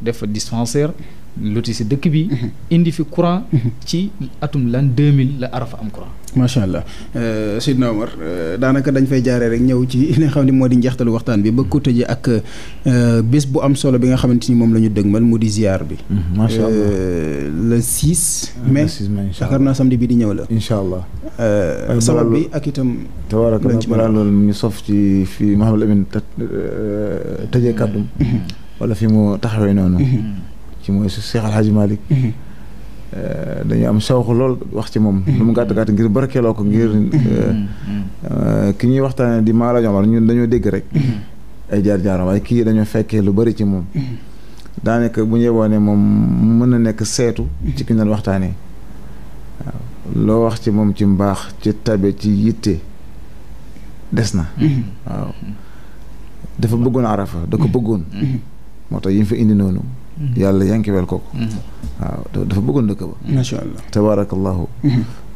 [SPEAKER 3] def fa dispensaire. loti si dëkk bi. indi fi courant. ci atum lan 2000 la Arafa am courant.
[SPEAKER 1] macha allah Seydina Omar daanaka dañ fay jaaree rek ñëw ci li nga xam ne moo di njeextalu waxtaan bi ba ko tëjee ak bés bu am solo bi nga xamante ni moom la ñu dëgmal mu di ziar bi. macha allah le 6
[SPEAKER 2] mai. le 6 mai incha allah yaakaar
[SPEAKER 1] naa samedi bii di ñëw la. incha allah. sabab bi ak itam. tabaaraka balaa
[SPEAKER 2] loolu mu ngi sof ci fii Mouhamadou Amine tëjee kàddu. wala fi mu taxawee noonu. mooy su Cheikh Alhaji mhm. euh, dañu am sawxu lool wax ci moom lu mhm. mu gàtt gàtt ngir barkeeloo ko ngir mhm. euh, euh, ki ñuy waxtaane di maa la ñomal dañoo dégg rek ay jaar-jaaram waaye kii dañoo fekkee lu bari ci moom daanaka bu ñu yeboo ne moom mën na nekk seetu ci ki ñu waxtaanee loo wax ci moom ci mbaax ci tabe ci yitte des na waaw dafa bëggoon arafa da ko bëggoon moo tax yi mu fa indi noonu يالله ينكي بالكوك آه، دفع بقول لك ما شاء الله تبارك الله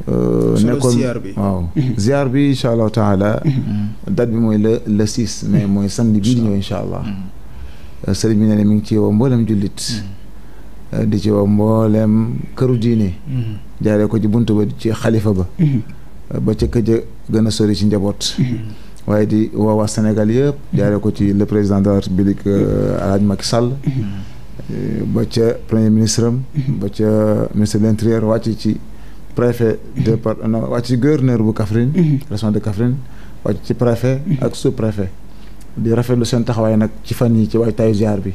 [SPEAKER 2] آه، نكون زياربي آه. زياربي إن شاء الله تعالى دبي موي لسيس موي سندي بيديو إن شاء الله سري مين اللي مينتي ومبولم جلدت ديجي ومبولم كروجيني جاري كوجي بنتو بديجي خليفة با بچه كجي غنا سوري شنجابوت وايدي وواسنة غاليب جاري كوجي لبريزدان دارت بيليك عاد مكسال ba ca premier ministre am. Mhm. ba ca ministre de l'intérieur wàcc ci préfet. de par non wàcc ci gouverneur bu Kaffrine. Mhm. région de Kaffrine wàcc ci préfet. Mhm. ak sous préfet. di rafetlu seen taxawaay nag ci fan yi ci waajtaayu ziar bi.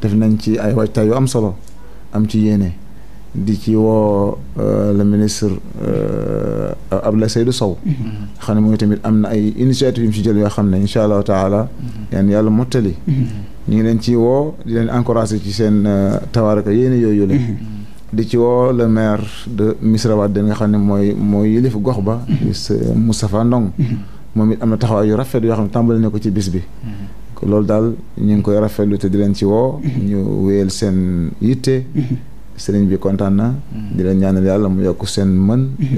[SPEAKER 2] def nañ ci ay waajtaay yu am solo am ci yéene. di ci woo euh, le ministre euh, Abdoulaye Seydou Sow. xam ne mooy tamit am na ay initiative yu mu ci jël yoo xam ne incha allahu taala. yan yàlla mottali. ñu ngi leen ci woo di leen encouragé ci seen euh, tawaaraka yéene yooyu leen mm-hmm. di ci woo le maire de Missirah Wadène nga xam ne mooy mooy yilif gox ba mm-hmm. euh, Moustapha Ndong mm-hmm. moom it am na taxawaay yu rafet yoo xam ne tàmbali na ko ci bis bi loolu daal ñu ngi koy rafetlu te di leen ci woo ñu wéyal seen yitte sëriñ bi kontaan na di leen ñaanal yàlla mu yokk seen mën